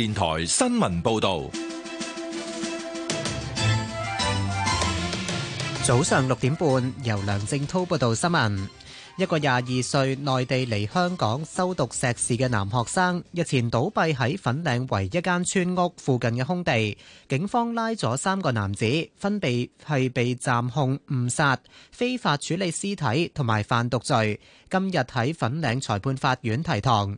電台新聞報道，早上六點半，由梁正濤報道新聞。一個廿二歲內地嚟香港修讀碩士嘅男學生，日前倒斃喺粉嶺圍一間村屋附近嘅空地，警方拉咗三個男子，分別係被暫控、誤殺、非法處理屍體同埋販毒罪。今日喺粉嶺裁判法院提堂，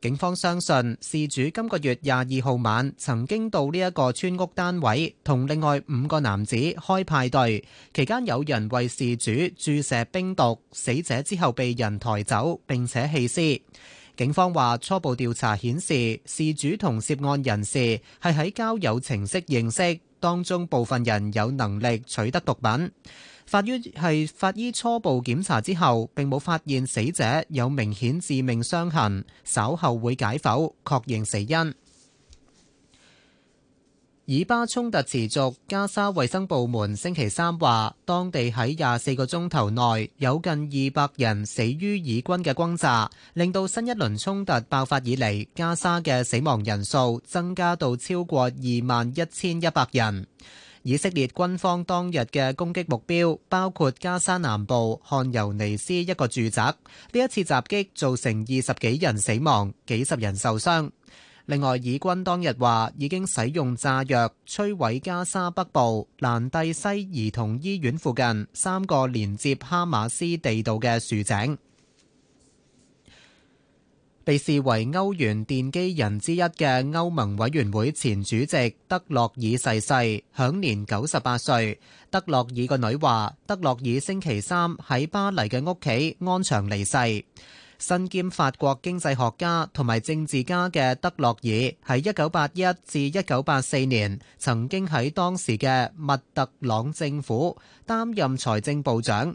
警方相信事主今個月廿二號晚曾經到呢一個村屋單位同另外五個男子開派對，期間有人為事主注射冰毒，死者之後被人抬走，並且棄屍。警方話初步調查顯示，事主同涉案人士係喺交友程式認識，當中部分人有能力取得毒品。法醫係法醫初步檢查之後，並冇發現死者有明顯致命傷痕，稍後會解剖確認死因。以巴衝突持續，加沙衛生部門星期三話，當地喺廿四個鐘頭內有近二百人死於以軍嘅轟炸，令到新一輪衝突爆發以嚟，加沙嘅死亡人數增加到超過二萬一千一百人。以色列軍方當日嘅攻擊目標包括加沙南部汗尤尼斯一個住宅。呢一次襲擊造成二十幾人死亡，幾十人受傷。另外，以軍當日話已經使用炸藥摧毀加沙北部蘭蒂西兒童醫院附近三個連接哈馬斯地道嘅豎井。被視為歐元奠基人之一嘅歐盟委員會前主席德洛爾逝世，世，享年九十八歲。德洛爾個女話：，德洛爾星期三喺巴黎嘅屋企安詳離世。身兼法國經濟學家同埋政治家嘅德洛爾，喺一九八一至一九八四年曾經喺當時嘅密特朗政府擔任財政部長。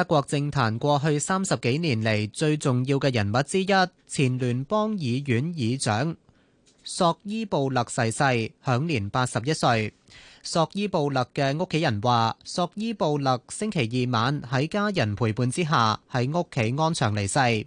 德國政壇過去三十幾年嚟，最重要嘅人物之一，前聯邦議院議長索伊布勒逝世，享年八十一歲。索伊布勒嘅屋企人話，索伊布勒星期二晚喺家人陪伴之下喺屋企安詳離世。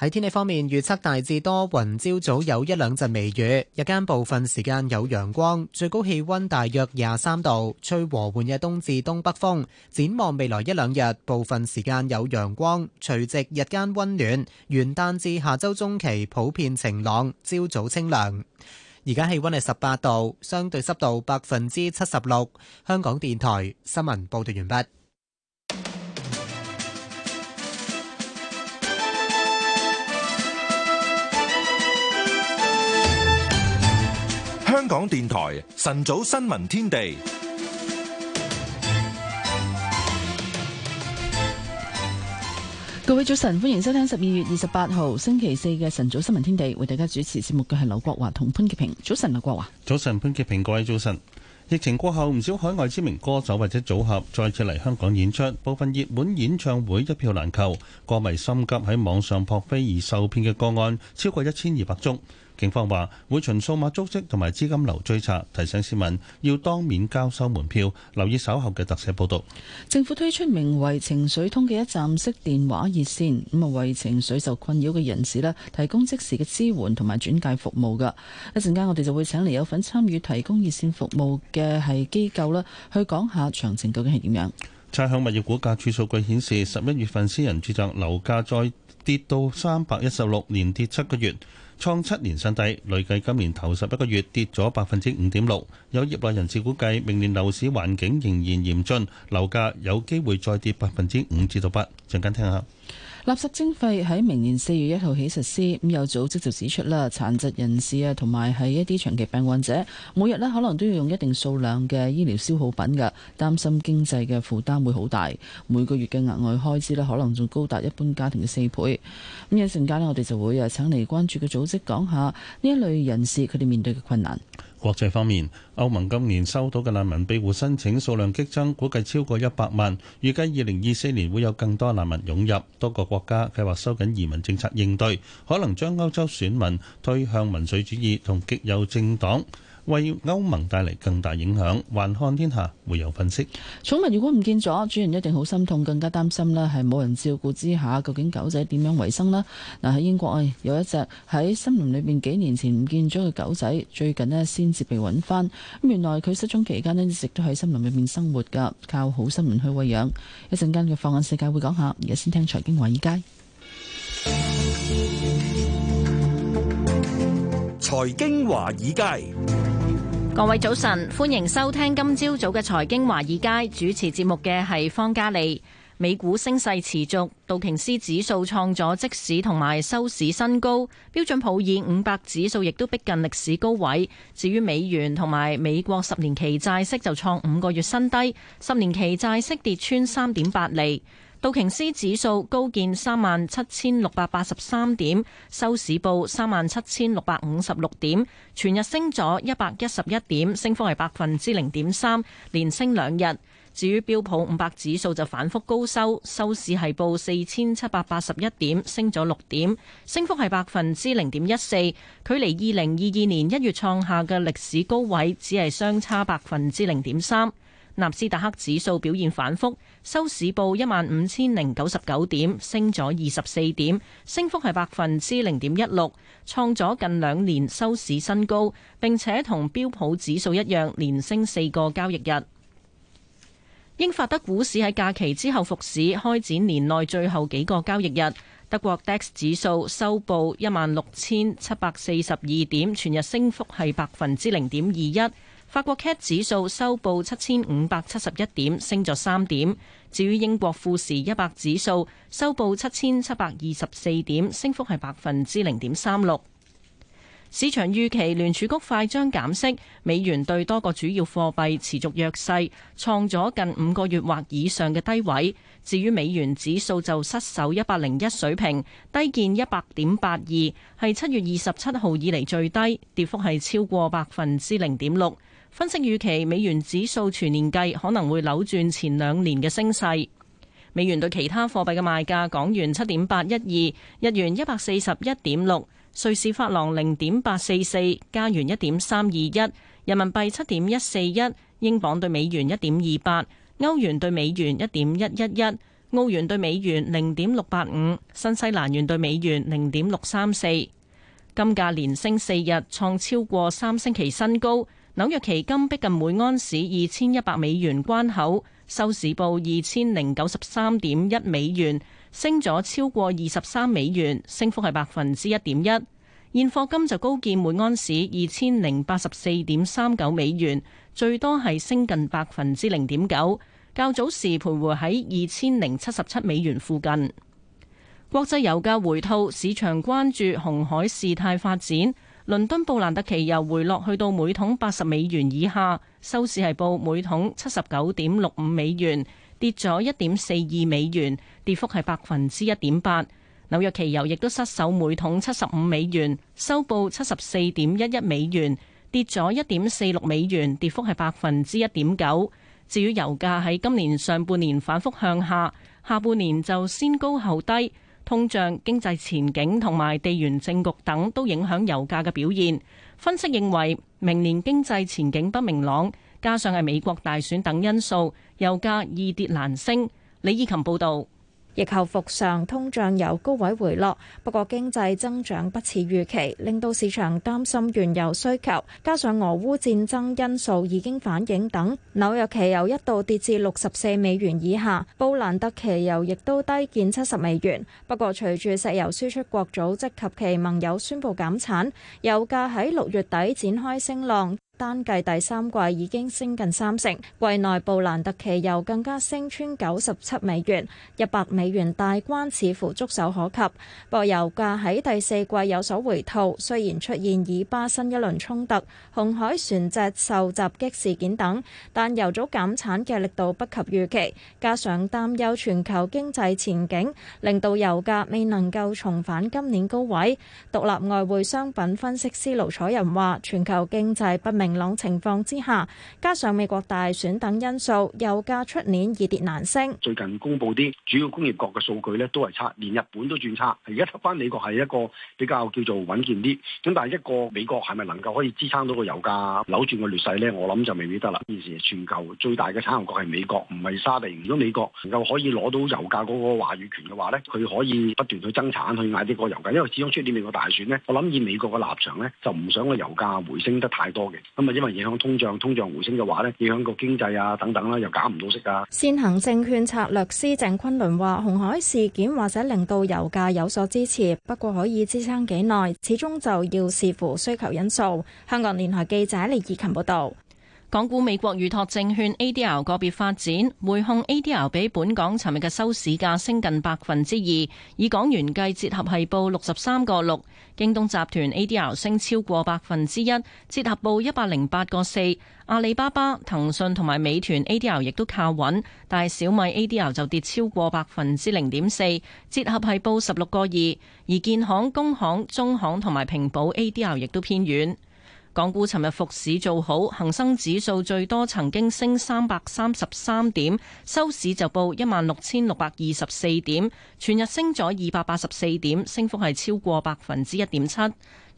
喺天氣方面預測大致多雲，朝早有一兩陣微雨，日間部分時間有陽光，最高氣溫大約廿三度，吹和緩嘅東至東北風。展望未來一兩日，部分時間有陽光，隨夕日間溫暖。元旦至下周中期普遍晴朗，朝早清涼。而家氣溫係十八度，相對濕度百分之七十六。香港電台新聞報道完畢。港電台晨早新聞天地，各位早晨，歡迎收聽十二月二十八號星期四嘅晨早新聞天地，為大家主持節目嘅係劉國華同潘潔平。早晨，劉國華，早晨，潘潔平，各位早晨。疫情過後，唔少海外知名歌手或者組合再次嚟香港演出，部分熱門演唱會一票難求，歌迷心急喺網上撲飛而受騙嘅個案超過一千二百宗。警方話會循數碼足跡同埋資金流追查，提醒市民要當面交收門票，留意稍後嘅特寫報道。政府推出名為情緒通嘅一站式電話熱線，咁啊為情緒受困擾嘅人士咧提供即時嘅支援同埋轉介服務嘅。一陣間我哋就會請嚟有份參與提供熱線服務嘅係機構啦，去講下詳情究竟係點樣。差餉物業估價署數據顯示，十一月份私人住宅樓價再跌到三百一十六，連跌七個月。創七年新低，累計今年頭十一個月跌咗百分之五點六。有業內人士估計，明年樓市環境仍然嚴峻，樓價有機會再跌百分之五至到八。陣間聽下。垃圾徵費喺明年四月一號起實施，咁有組織就指出啦，殘疾人士啊同埋係一啲長期病患者，每日咧可能都要用一定數量嘅醫療消耗品嘅，擔心經濟嘅負擔會好大，每個月嘅額外開支咧可能仲高達一般家庭嘅四倍。咁有陣間咧，我哋就會啊請嚟關注嘅組織講下呢一類人士佢哋面對嘅困難。國際方面，歐盟今年收到嘅難民庇護申請數量激增，估計超過一百萬。預計二零二四年會有更多難民湧入，多個國家計劃收緊移民政策應對，可能將歐洲選民推向民粹主義同極右政黨。為歐盟帶嚟更大影響，還看天下會有分析。寵物如果唔見咗，主人一定好心痛，更加擔心呢係冇人照顧之下，究竟狗仔點樣維生呢？嗱，喺英國，有一隻喺森林裏邊幾年前唔見咗嘅狗仔，最近呢先至被揾翻。原來佢失蹤期間咧，一直都喺森林入面生活噶，靠好心人去餵養。一陣間嘅放眼世界會講下，而家先聽財經華爾街。財經華爾街。各位早晨，歡迎收聽今朝早嘅財經華爾街，主持節目嘅係方嘉莉。美股升勢持續，道瓊斯指數創咗即市同埋收市新高，標準普爾五百指數亦都逼近歷史高位。至於美元同埋美國十年期債息就創五個月新低，十年期債息跌穿三點八厘。道瓊斯指數高見三萬七千六百八十三點，收市報三萬七千六百五十六點，全日升咗一百一十一點，升幅係百分之零點三，連升兩日。至於標普五百指數就反覆高收，收市係報四千七百八十一點，升咗六點，升幅係百分之零點一四，距離二零二二年一月創下嘅歷史高位只係相差百分之零點三。納斯達克指數表現反覆收市報一萬五千零九十九點，升咗二十四點，升幅係百分之零點一六，創咗近兩年收市新高，並且同標普指數一樣，連升四個交易日。英法德股市喺假期之後復市，開展年內最後幾個交易日。德國 DAX 指數收報一萬六千七百四十二點，全日升幅係百分之零點二一。法國 CAC 指數收報七千五百七十一點，升咗三點。至於英國富時一百指數收報七千七百二十四點，升幅係百分之零點三六。市場預期聯儲局快將減息，美元對多個主要貨幣持續弱勢，創咗近五個月或以上嘅低位。至於美元指數就失守一百零一水平，低見一百點八二，係七月二十七號以嚟最低，跌幅係超過百分之零點六。分析預期美元指數全年計可能會扭轉前兩年嘅升勢。美元對其他貨幣嘅賣價：港元七點八一二，日元一百四十一點六，瑞士法郎零點八四四，加元一點三二一，人民幣七點一四一，英鎊對美元一點二八，歐元對美元一點一一一，澳元對美元零點六八五，新西蘭元對美元零點六三四。金價連升四日，創超過三星期新高。紐約期金逼近每安士二千一百美元關口，收市報二千零九十三點一美元，升咗超過二十三美元，升幅係百分之一點一。現貨金就高見每安士二千零八十四點三九美元，最多係升近百分之零點九，較早時徘徊喺二千零七十七美元附近。國際油價回吐，市場關注紅海事態發展。倫敦布蘭特期油回落去到每桶八十美元以下，收市係報每桶七十九點六五美元，跌咗一點四二美元，跌幅係百分之一點八。紐約期油亦都失守每桶七十五美元，收報七十四點一一美元，跌咗一點四六美元，跌幅係百分之一點九。至於油價喺今年上半年反覆向下，下半年就先高後低。通脹、經濟前景同埋地緣政局等都影響油價嘅表現。分析認為，明年經濟前景不明朗，加上係美國大選等因素，油價易跌難升。李依琴報導。疫後復常，通脹由高位回落，不過經濟增長不似預期，令到市場擔心原油需求，加上俄烏戰爭因素已經反映等，紐約期油一度跌至六十四美元以下，布蘭特期油亦都低見七十美元。不過，隨住石油輸出國組織及其盟友宣佈減產，油價喺六月底展開升浪。單計第三季已經升近三成，季內布蘭特期油更加升穿九十七美元，一百美元大關似乎觸手可及。不過油價喺第四季有所回吐，雖然出現以巴新一輪衝突、紅海船隻受襲擊事件等，但油組減產嘅力度不及預期，加上擔憂全球經濟前景，令到油價未能夠重返今年高位。獨立外匯商品分析師盧楚仁話，全球經濟不明冷情況之下，加上美國大選等因素，油價出年易跌難升。最近公布啲主要工業國嘅數據咧，都係差，連日本都轉差。而家睇翻美國係一個比較叫做穩健啲，咁但係一個美國係咪能夠可以支撐到個油價扭轉個劣勢咧？我諗就未必得啦。現時全球最大嘅產油國係美國，唔係沙地。如果美國能夠可以攞到油價嗰個話語權嘅話咧，佢可以不斷去增產，去壓啲個油價。因為始終出年美國大選咧，我諗以美國嘅立場咧，就唔想個油價回升得太多嘅。咁啊，因為影響通脹，通脹回升嘅話咧，影響個經濟啊等等啦，又搞唔到息噶。先行證券策略師鄭坤倫話，紅海事件或者令到油價有所支持，不過可以支撐幾耐，始終就要視乎需求因素。香港電台記者李義勤報道。港股美國預託證券 ADR 個別發展，匯控 ADR 比本港尋日嘅收市價升近百分之二，以港元計折合係報六十三個六。京東集團 ADR 升超過百分之一，折合報一百零八個四。阿里巴巴、騰訊同埋美團 ADR 亦都靠穩，但係小米 ADR 就跌超過百分之零點四，折合係報十六個二。而建行、工行、中行同埋平保 ADR 亦都偏軟。港股尋日復市做好，恒生指數最多曾經升三百三十三點，收市就報一萬六千六百二十四點，全日升咗二百八十四點，升幅係超過百分之一點七。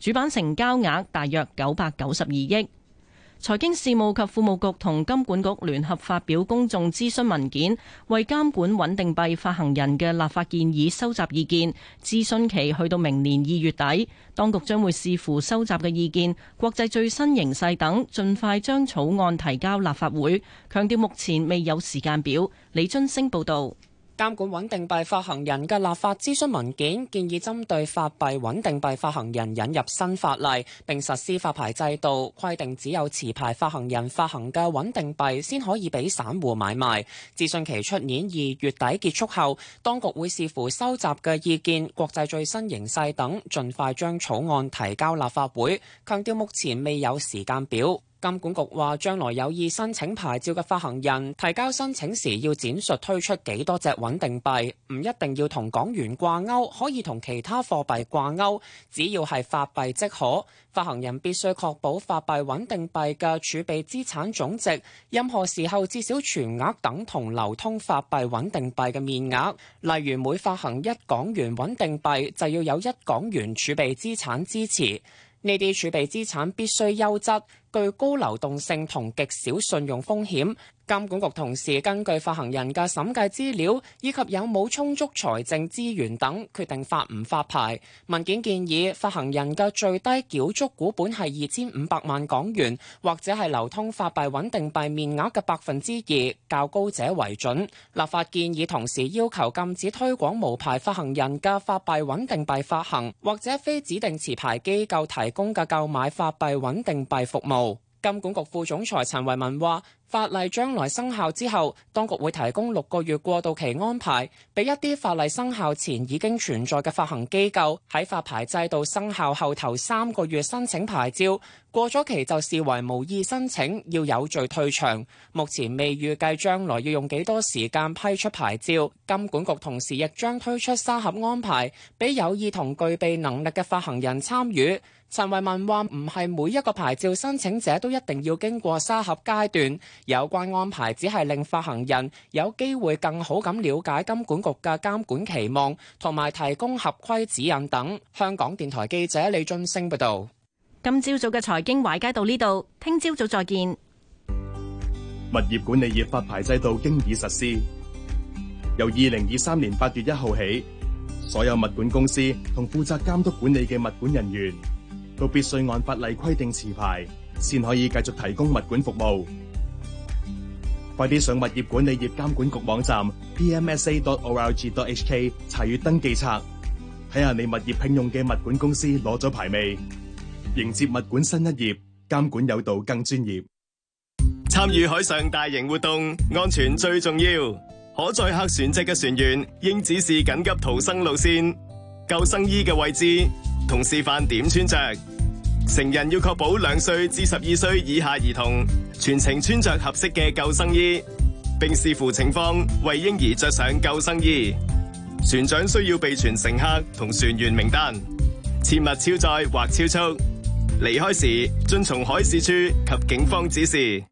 主板成交額大約九百九十二億。財經事務及庫務局同金管局聯合發表公眾諮詢文件，為監管穩定幣發行人嘅立法建議收集意見。諮詢期去到明年二月底，當局將會視乎收集嘅意見、國際最新形勢等，盡快將草案提交立法會。強調目前未有時間表。李津升報道。監管穩定幣發行人嘅立法諮詢文件建議，針對法幣穩定幣發行人引入新法例，並實施發牌制度，規定只有持牌發行人發行嘅穩定幣先可以俾散戶買賣。諮詢期出年二月底結束後，當局會視乎收集嘅意見、國際最新形勢等，盡快將草案提交立法會，強調目前未有時間表。金管局話，將來有意申請牌照嘅發行人，提交申請時要闡述推出幾多隻穩定幣，唔一定要同港元掛鈎，可以同其他貨幣掛鈎，只要係法幣即可。發行人必須確保法幣穩定幣嘅儲備資產總值，任何時候至少全額等同流通法幣穩定幣嘅面額。例如，每發行一港元穩定幣，就要有一港元儲備資產支持。呢啲儲備資產必須優質，具高流動性同極少信用風險。監管局同時根據發行人嘅審計資料以及有冇充足財政資源等，決定發唔發牌。文件建議發行人嘅最低繳足股本係二千五百萬港元，或者係流通法幣穩定幣面額嘅百分之二，較高者為準。立法建議同時要求禁止推廣無牌發行人嘅法幣穩定幣發行，或者非指定持牌機構提供嘅購買法幣穩定幣服務。金管局副總裁陳維文話，法例將來生效之後，當局會提供六個月過渡期安排，俾一啲法例生效前已經存在嘅發行機構喺發牌制度生效後頭三個月申請牌照，過咗期就視為無意申請，要有序退場。目前未預計將來要用幾多時間批出牌照。金管局同時亦將推出沙盒安排，俾有意同具備能力嘅發行人參與。陳維民話：唔係每一個牌照申請者都一定要經過沙盒階段。有關安排只係令發行人有機會更好咁了解金管局嘅監管期望，同埋提供合規指引等。香港電台記者李俊星報道。今朝早嘅財經環節到呢度，聽朝早再見。物業管理業發牌制度經已實施，由二零二三年八月一號起，所有物管公司同負責監督管理嘅物管人員，都必須按法例規定持牌，先可以繼續提供物管服務。快啲上物業管理業監管局網站 pmsa.org.hk 查閱登記冊，睇下你物業聘用嘅物管公司攞咗牌未？迎接物管新一頁，監管有道更專業。參與海上大型活動，安全最重要。可載客船隻嘅船員應指示緊急逃生路線、救生衣嘅位置同示範點穿着，成人要確保兩歲至十二歲以下兒童全程穿着合適嘅救生衣，並視乎情況為嬰兒着上救生衣。船長需要備存乘客同船員名單，切勿超載或超速。離開時遵從海事處及警方指示。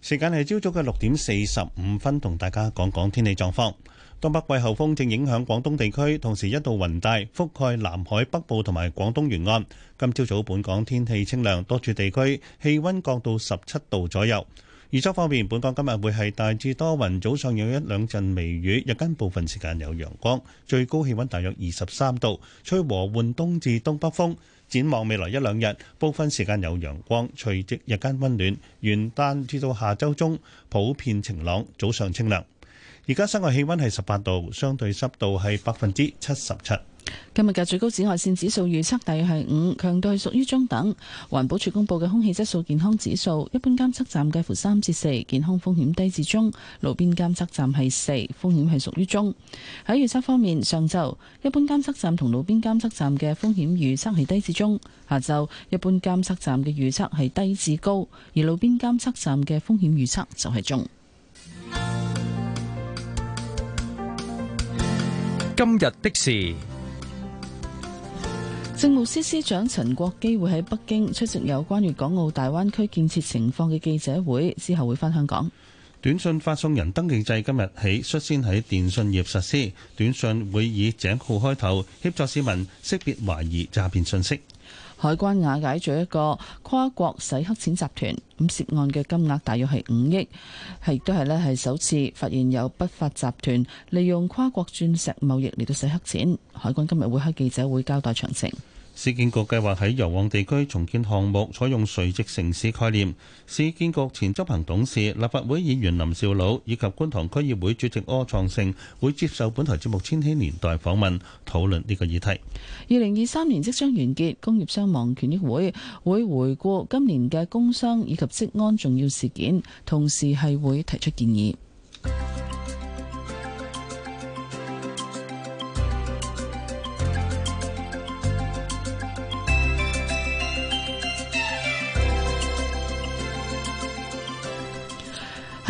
時間係朝早嘅六點四十五分，同大家講講天氣狀況。東北季候風正影響廣東地區，同時一道雲帶覆蓋南海北部同埋廣東沿岸。今朝早，早本港天氣清涼，多處地區氣溫降到十七度左右。預測方面，本港今日會係大致多雲，早上有一兩陣微雨，日間部分時間有陽光，最高氣溫大約二十三度，吹和緩東至東北風。展望未來一兩日，部分時間有陽光，隨即日間溫暖。元旦至到下週中，普遍晴朗，早上清涼。而家室外氣溫係十八度，相對濕度係百分之七十七。今日嘅最高紫外線指數預測大約係五，強度係屬於中等。環保署公布嘅空氣質素健康指數，一般監測站介乎三至四，健康風險低至中；路邊監測站係四，風險係屬於中。喺預測方面，上晝一般監測站同路邊監測站嘅風險預測係低至中；下晝一般監測站嘅預測係低至高，而路邊監測站嘅風險預測就係中。 今日的事，政務司司長陳國基會喺北京出席有關粵港澳大灣區建設情況嘅記者會，之後會翻香港。短信發送人登記制今日起率先喺電信業實施，短信會以井號開頭，協助市民識別懷疑詐騙信息。海關瓦解咗一個跨國洗黑錢集團，咁涉案嘅金額大約係五億，係亦都係咧係首次發現有不法集團利用跨國鑽石貿易嚟到洗黑錢。海關今日會喺記者會交代詳情。市建局計劃喺油旺地區重建項目，採用垂直城市概念。市建局前執行董事、立法會議員林筱魯以及觀塘區議會主席柯創盛會接受本台節目《千禧年代》訪問，討論呢個議題。二零二三年即將完結，工業傷亡權益會會回顧今年嘅工傷以及職安重要事件，同時係會提出建議。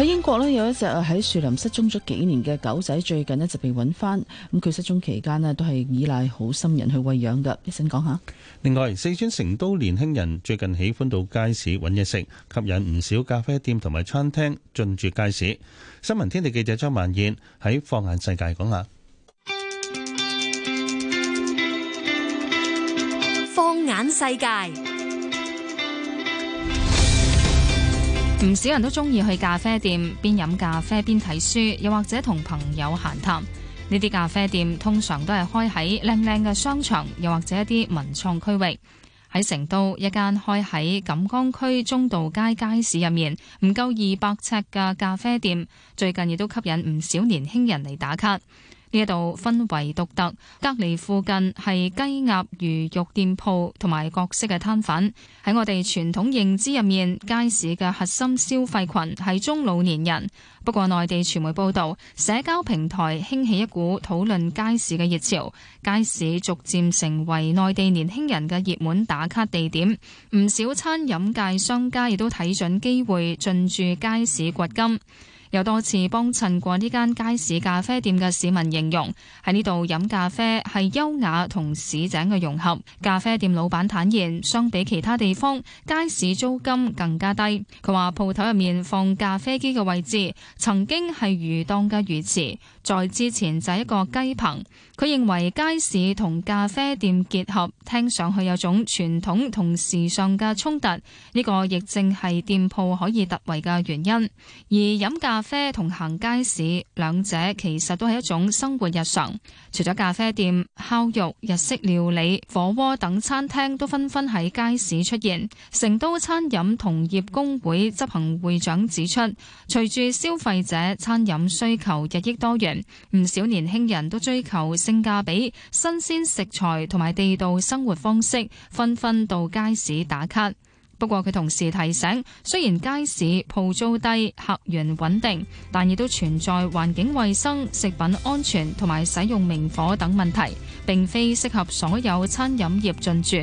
英國咧有一隻喺樹林失蹤咗幾年嘅狗仔，最近咧就被揾翻。咁佢失蹤期間咧都係依賴好心人去餵養噶。一陣講下。另外，四川成都年輕人最近喜歡到街市揾嘢食，吸引唔少咖啡店同埋餐廳進駐街市。新聞天地記者張萬燕喺放眼世界講下。放眼世界。唔少人都中意去咖啡店邊飲咖啡邊睇書，又或者同朋友閒談。呢啲咖啡店通常都係開喺靚靚嘅商場，又或者一啲文創區域。喺成都，一間開喺錦江區中道街街市入面，唔夠二百尺嘅咖啡店，最近亦都吸引唔少年輕人嚟打卡。呢度氛圍獨特，隔離附近係雞鴨魚肉店鋪同埋各式嘅攤販。喺我哋傳統認知入面，街市嘅核心消費群係中老年人。不過，內地傳媒報道，社交平台興起一股討論街市嘅熱潮，街市逐漸成為內地年輕人嘅熱門打卡地點。唔少餐飲界商家亦都睇準機會，進駐街市掘金。有多次幫襯過呢間街市咖啡店嘅市民形容，喺呢度飲咖啡係優雅同市井嘅融合。咖啡店老闆坦言，相比其他地方，街市租金更加低。佢話鋪頭入面放咖啡機嘅位置曾經係魚檔嘅魚池，在之前就係一個雞棚。佢認為街市同咖啡店結合，聽上去有種傳統同時尚嘅衝突，呢個亦正係店鋪可以突圍嘅原因。而飲咖啡同行街市兩者其實都係一種生活日常。除咗咖啡店、烤肉、日式料理、火鍋等餐廳都紛紛喺街市出現。成都餐飲同業工會執行會長指出，隨住消費者餐飲需求日益多元，唔少年輕人都追求。性價比、新鮮食材同埋地道生活方式，紛紛到街市打卡。不過佢同時提醒，雖然街市鋪租低、客源穩定，但亦都存在環境衛生、食品安全同埋使用明火等問題，並非適合所有餐飲業進駐。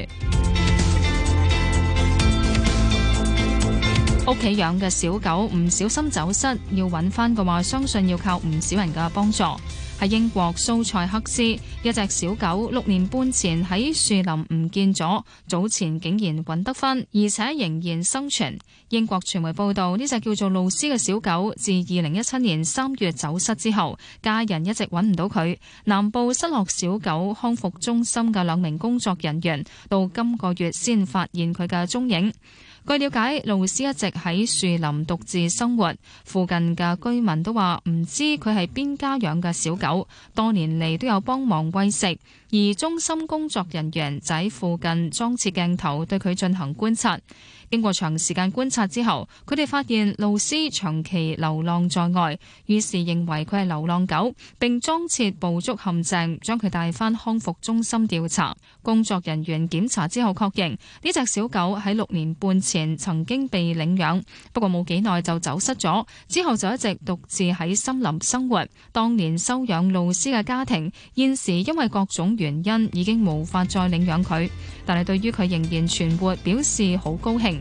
屋企 養嘅小狗唔小心走失，要搵翻嘅話，相信要靠唔少人嘅幫助。喺英國蘇塞克斯，一隻小狗六年半前喺樹林唔見咗，早前竟然搵得翻，而且仍然生存。英國傳媒報道，呢隻叫做露斯嘅小狗，自二零一七年三月走失之後，家人一直搵唔到佢。南部失落小狗康復中心嘅兩名工作人員，到今個月先發現佢嘅蹤影。據了解，露絲一直喺樹林獨自生活，附近嘅居民都話唔知佢係邊家養嘅小狗，多年嚟都有幫忙餵食，而中心工作人員就喺附近裝設鏡頭對佢進行觀察。經過長時間觀察之後，佢哋發現露絲長期流浪在外，於是認為佢係流浪狗，並裝設捕捉陷阱將佢帶返康復中心調查。工作人員檢查之後確認，呢隻小狗喺六年半前曾經被領養，不過冇幾耐就走失咗，之後就一直獨自喺森林生活。當年收養露絲嘅家庭，現時因為各種原因已經無法再領養佢，但係對於佢仍然存活，表示好高興。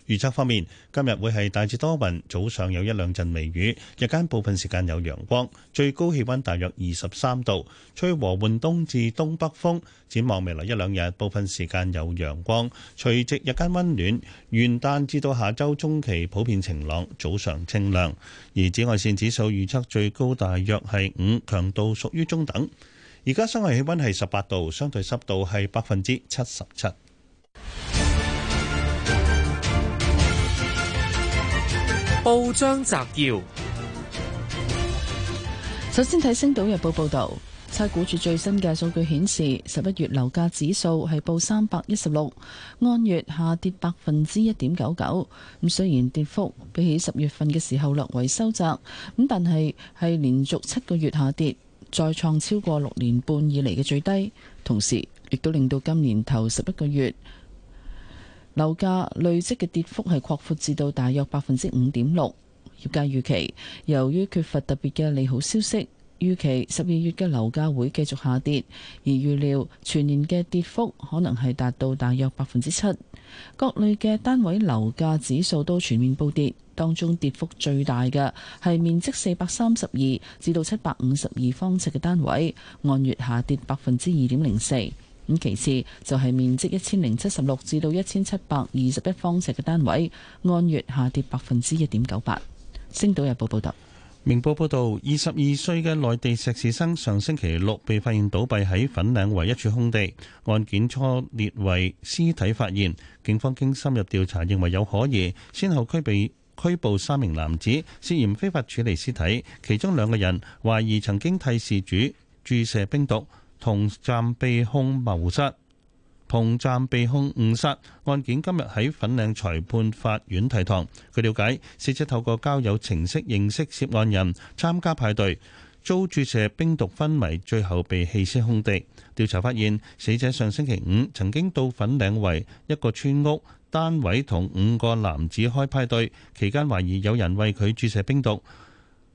預測方面，今日會係大致多雲，早上有一兩陣微雨，日間部分時間有陽光，最高氣溫大約二十三度，吹和緩東至東北風。展望未來一兩日，部分時間有陽光，隨即日間溫暖。元旦至到下周中期，普遍晴朗，早上清涼，而紫外線指數預測最高大約係五，強度屬於中等。而家室外氣溫係十八度，相對濕度係百分之七十七。報章摘要：首先睇《星島日報》報道，差估署最新嘅數據顯示，十一月樓價指數係報三百一十六，按月下跌百分之一點九九。咁雖然跌幅比起十月份嘅時候略為收窄，咁但係係連續七個月下跌，再創超過六年半以嚟嘅最低，同時亦都令到今年頭十一個月，樓價累積嘅跌幅係擴闊至到大約百分之五點六。業界預期，由於缺乏特別嘅利好消息，預期十二月嘅樓價會繼續下跌，而預料全年嘅跌幅可能係達到大約百分之七。各類嘅單位樓價指數都全面暴跌，當中跌幅最大嘅係面積四百三十二至到七百五十二方尺嘅單位，按月下跌百分之二點零四。其次就係面積一千零七十六至到一千七百二十一方尺嘅單位，按月下跌百分之一點九八。星島日報報道，明報報道，二十二歲嘅內地碩士生上星期六被發現倒斃喺粉嶺圍一處空地，案件初列為屍體發現，警方經深入調查，認為有可疑，先後拘備拘捕三名男子涉嫌非法處理屍體，其中兩個人懷疑曾經替事主注射冰毒。同站被控謀殺、同站被控誤殺案件今日喺粉嶺裁判法院提堂。據瞭解，死者透過交友程式認識涉案人，參加派對，遭注射冰毒昏迷，最後被棄屍空地。調查發現，死者上星期五曾經到粉嶺圍一個村屋單位同五個男子開派對，期間懷疑有人為佢注射冰毒。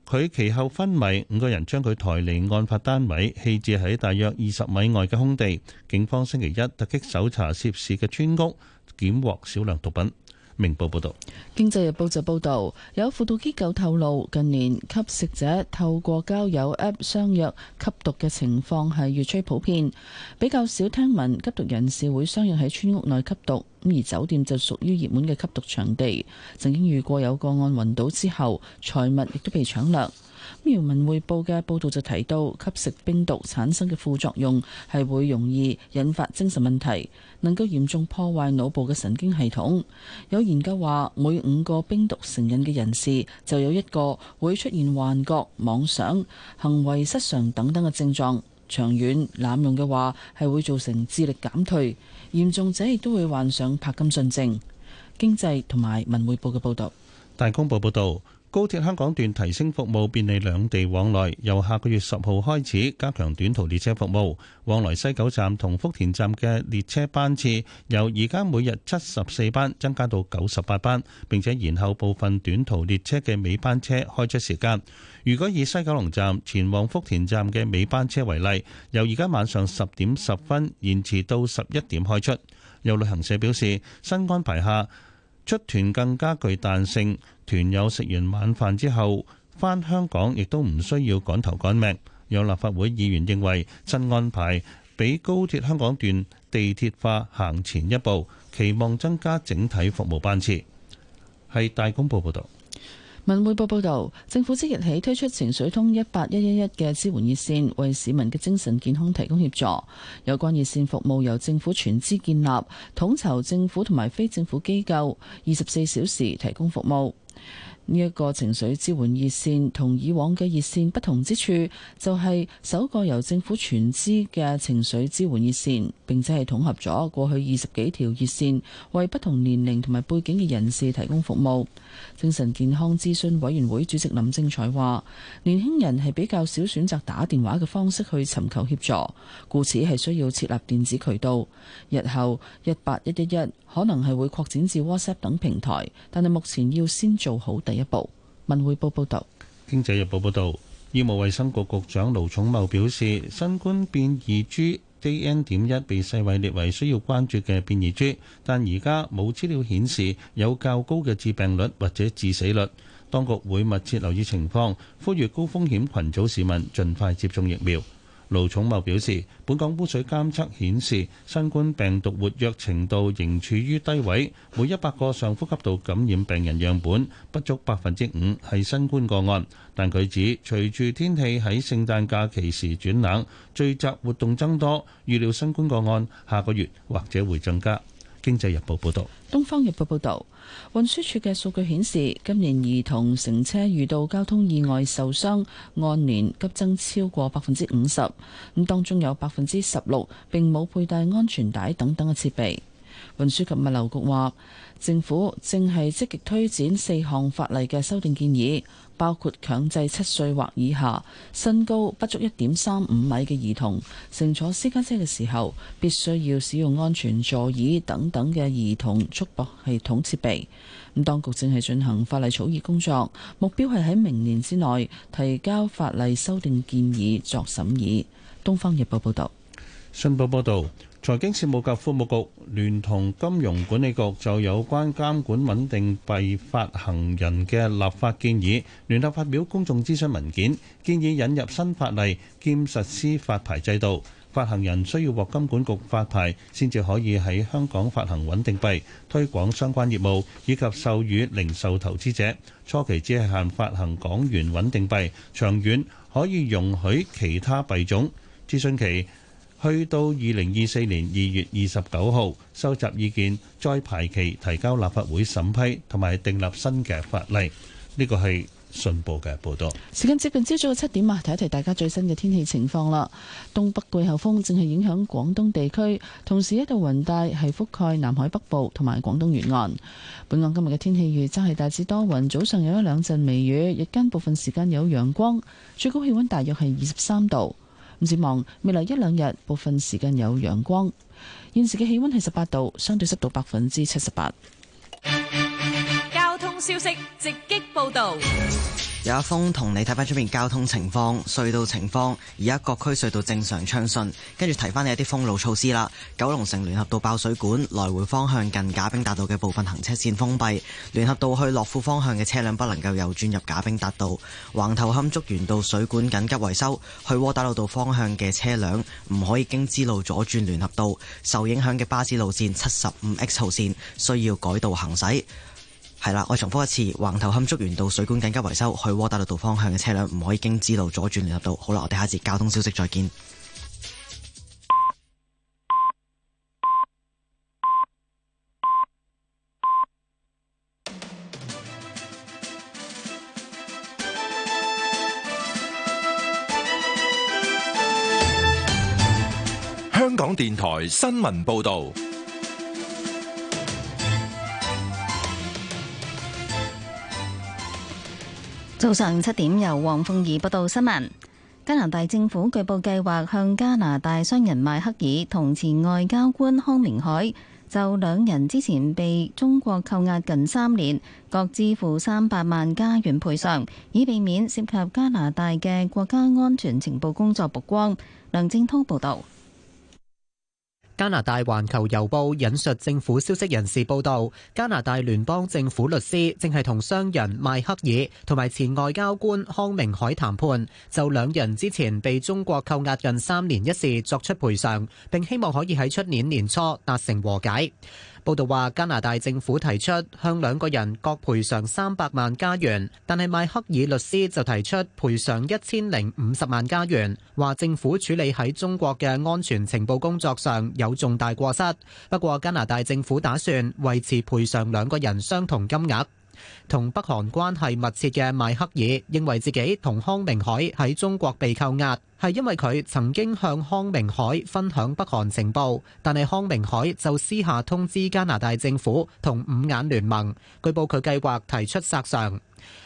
佢其後昏迷，五個人將佢抬離案發單位，棄置喺大約二十米外嘅空地。警方星期一突擊搜查涉事嘅村屋，檢獲少量毒品。明報報道，《經濟日報》就報道有輔導機構透露，近年吸食者透過交友 App 相約吸毒嘅情況係越趨普遍，比較少聽聞吸毒人士會相約喺村屋內吸毒。咁而酒店就屬於熱門嘅吸毒場地，曾經遇過有個案暈倒之後，財物亦都被搶掠。《文匯報》嘅報道就提到，吸食冰毒產生嘅副作用係會容易引發精神問題，能夠嚴重破壞腦部嘅神經系統。有研究話，每五個冰毒成癮嘅人士就有一個會出現幻覺、妄想、行為失常等等嘅症狀。長遠濫用嘅話，係會造成智力減退，嚴重者亦都會患上帕金遜症。經濟同埋《文匯報》嘅報道，大公報報道。高鐵香港段提升服務便利兩地往來，由下個月十號開始加強短途列車服務，往來西九站同福田站嘅列車班次由而家每日七十四班增加到九十八班，並且延後部分短途列車嘅尾班車開出時間。如果以西九龍站前往福田站嘅尾班車為例，由而家晚上十點十分延遲到十一點開出。有旅行社表示，新安排下出團更加具彈性。團友食完晚飯之後，返香港亦都唔需要趕頭趕命。有立法會議員認為，新安排比高鐵香港段地鐵化行前一步，期望增加整體服務班次。係大公報報導。文匯報報道，政府即日起推出情緒通一八一一一嘅支援熱線，為市民嘅精神健康提供協助。有關熱線服務由政府全資建立，統籌政府同埋非政府機構，二十四小時提供服務。呢一個情緒支援熱線同以往嘅熱線不同之處，就係首個由政府全資嘅情緒支援熱線，並且係統合咗過去二十幾條熱線，為不同年齡同埋背景嘅人士提供服務。精神健康諮詢委員會主席林正財話：年輕人係比較少選擇打電話嘅方式去尋求協助，故此係需要設立電子渠道。日後一八一一一可能係會擴展至 WhatsApp 等平台，但係目前要先做好第一步。文匯報報道：《經濟日報》報道，醫務衛生局局長盧寵茂表示，新冠變異株。JN.1 被世衛列為需要關注嘅變異株，但而家冇資料顯示有較高嘅致病率或者致死率。當局會密切留意情況，呼籲高風險群組市民盡快接種疫苗。盧寵茂表示，本港污水監測顯示，新冠病毒活躍程度仍處於低位。每一百個上呼吸道感染病人樣本，不足百分之五係新冠個案。但佢指，隨住天氣喺聖誕假期時轉冷，聚集活動增多，預料新冠個案下個月或者會增加。經濟日報報道，東方日報報道，運輸署嘅數據顯示，今年兒童乘車遇到交通意外受傷，按年急增超過百分之五十。咁當中有百分之十六並冇佩戴安全帶等等嘅設備。運輸及物流局話，政府正係積極推展四項法例嘅修訂建議。包括強制七歲或以下身高不足一點三五米嘅兒童乘坐私家車嘅時候，必須要使用安全座椅等等嘅兒童束縛系統設備。咁，當局正係進行法例草擬工作，目標係喺明年之內提交法例修訂建議作審議。《東方日報》報道。新報報道。財經事務及庫務局聯同金融管理局就有關監管穩定幣發行人嘅立法建議，聯合發表公眾諮詢文件，建議引入新法例兼實施發牌制度。發行人需要獲金管局發牌，先至可以喺香港發行穩定幣，推廣相關業務以及授予零售投資者。初期只係限發行港元穩定幣，長遠可以容許其他幣種。諮詢期，去到二零二四年二月二十九號收集意見，再排期提交立法會審批同埋訂立新嘅法例。呢個係信報嘅報道。時間接近朝早嘅七點啊，提一提大家最新嘅天氣情況啦。東北季候風正係影響廣東地區，同時一道雲帶係覆蓋南海北部同埋廣東沿岸。本港今日嘅天氣預測係大致多雲，早上有一兩陣微雨，日間部分時間有陽光，最高氣溫大約係二十三度。展望未來一兩日，部分時間有陽光。現時嘅氣温係十八度，相對濕度百分之七十八。交通消息，直擊報道。有一封同你睇翻出面交通情況、隧道情況，而家各區隧道正常暢順。跟住提翻你一啲封路措施啦。九龍城聯合道爆水管，來回方向近賈炳達道嘅部分行車線封閉，聯合道去樂富方向嘅車輛不能夠右轉入賈炳達道。橫頭磡竹園道水管緊急維修，去窩打老道方向嘅車輛唔可以經支路左轉聯合道。受影響嘅巴士路線七十五 X 號線需要改道行駛。係啦，我重複一次，橫頭磡竹園道水管緊急維修，去窩打老道方向嘅車輛唔可以經支路左轉聯合道。好啦，我哋下一次交通消息再見。香港電台新聞報道。早上七點，由黃鳳儀報道新聞。加拿大政府據報計劃向加拿大商人邁克爾同前外交官康明凱，就兩人之前被中國扣押近三年，各支付三百萬加元賠償，以避免涉及加拿大嘅國家安全情報工作曝光。梁正通報道。加拿大《環球郵報》引述政府消息人士報道，加拿大聯邦政府律師正係同商人邁克爾同埋前外交官康明凱談判，就兩人之前被中國扣押近三年一事作出賠償，並希望可以喺出年年初達成和解。報道話，加拿大政府提出向兩個人各賠償三百萬加元，但係麥克爾律師就提出賠償一千零五十萬加元，話政府處理喺中國嘅安全情報工作上有重大過失。不過，加拿大政府打算維持賠償兩個人相同金額。同北韓關係密切嘅邁克爾認為自己同康明凱喺中國被扣押，係因為佢曾經向康明凱分享北韓情報，但係康明凱就私下通知加拿大政府同五眼聯盟，據報佢計劃提出索償。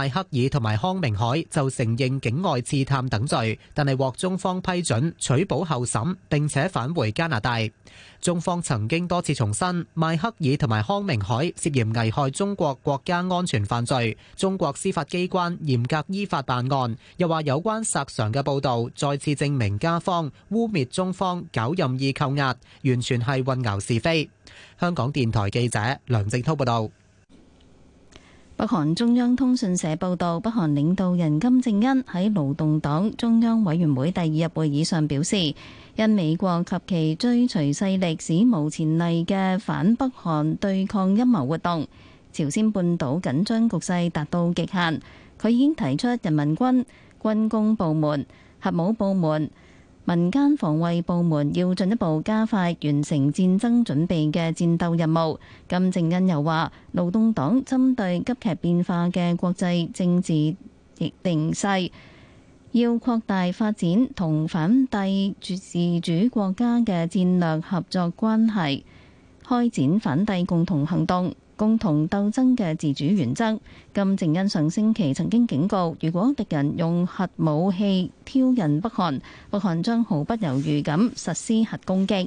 邁克爾同埋康明凱就承認境外刺探等罪，但係獲中方批准取保候審，並且返回加拿大。中方曾經多次重申，邁克爾同埋康明凱涉嫌危害中國國家安全犯罪，中國司法機關嚴格依法辦案。又話有關撒謊嘅報道，再次證明加方污衊中方搞任意扣押，完全係混淆是非。香港電台記者梁靜濤報道。北韓中央通訊社報導，北韓領導人金正恩喺勞動黨中央委員會第二日會議上表示，因美國及其追隨勢力史無前例嘅反北韓對抗陰謀活動，朝鮮半島緊張局勢達到極限。佢已經提出人民軍、軍工部門、核武部門、民間防衛部門要進一步加快完成戰爭準備嘅戰鬥任務。金正恩又話：勞動黨針對急劇變化嘅國際政治定勢，要擴大發展同反帝自主國家嘅戰略合作關係，開展反帝共同行動。共同鬥爭嘅自主原則。金正恩上星期曾經警告，如果敵人用核武器挑釁北韓，北韓將毫不猶豫咁實施核攻擊。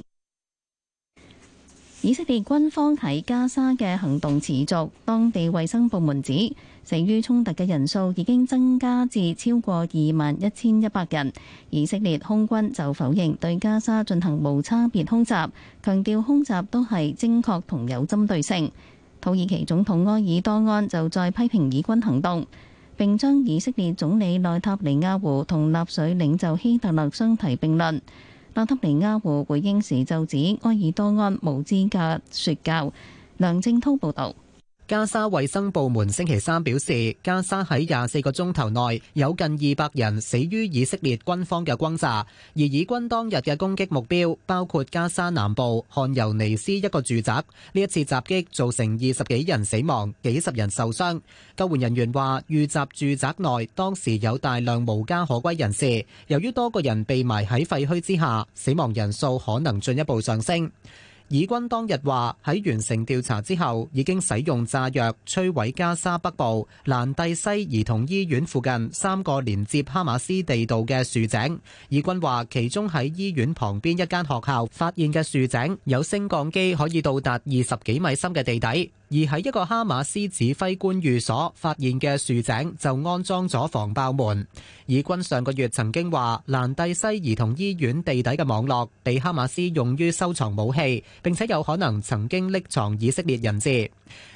以色列軍方喺加沙嘅行動持續，當地衛生部門指死於衝突嘅人數已經增加至超過二萬一千一百人。以色列空軍就否認對加沙進行無差別空襲，強調空襲都係精確同有針對性。土耳其總統埃爾多安就再批評以軍行動，並將以色列總理內塔尼亞胡同納粹領袖希特勒相提並論。內塔尼亞胡回應時就指埃爾多安無資格説教。梁正濤報導。加沙衛生部門星期三表示，加沙喺廿四個鐘頭內有近二百人死於以色列軍方嘅轟炸，而以軍當日嘅攻擊目標包括加沙南部漢尤尼斯一個住宅。呢一次襲擊造成二十幾人死亡，幾十人受傷。救援人員話，遇襲住宅內當時有大量無家可歸人士，由於多個人被埋喺廢墟之下，死亡人數可能進一步上升。以軍當日話喺完成調查之後，已經使用炸藥摧毀加沙北部蘭蒂西兒童醫院附近三個連接哈馬斯地道嘅豎井。以軍話，其中喺醫院旁邊一間學校發現嘅豎井有升降機可以到達二十幾米深嘅地底。而喺一個哈馬斯指揮官寓所發現嘅豎井就安裝咗防爆門。以軍上個月曾經話，蘭蒂西兒童醫院地底嘅網絡被哈馬斯用於收藏武器，並且有可能曾經匿藏以色列人質。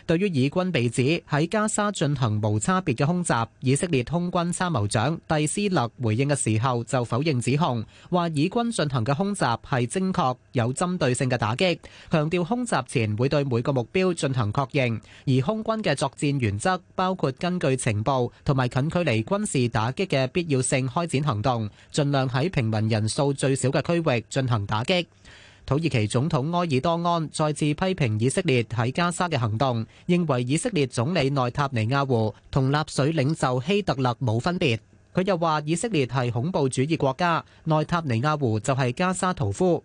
對於以軍被指喺加沙進行無差別嘅空襲，以色列空軍參謀長蒂斯勒回應嘅時候就否認指控，話以軍進行嘅空襲係精確、有針對性嘅打擊，強調空襲前會對每個目標進行確認，而空軍嘅作戰原則包括根據情報同埋近距離軍事打擊嘅必要性開展行動，盡量喺平民人數最少嘅區域進行打擊。土耳其總統埃爾多安再次批評以色列喺加沙嘅行動，認為以色列總理內塔尼亞胡同納粹領袖希特勒冇分別。佢又話：以色列係恐怖主義國家，內塔尼亞胡就係加沙屠夫。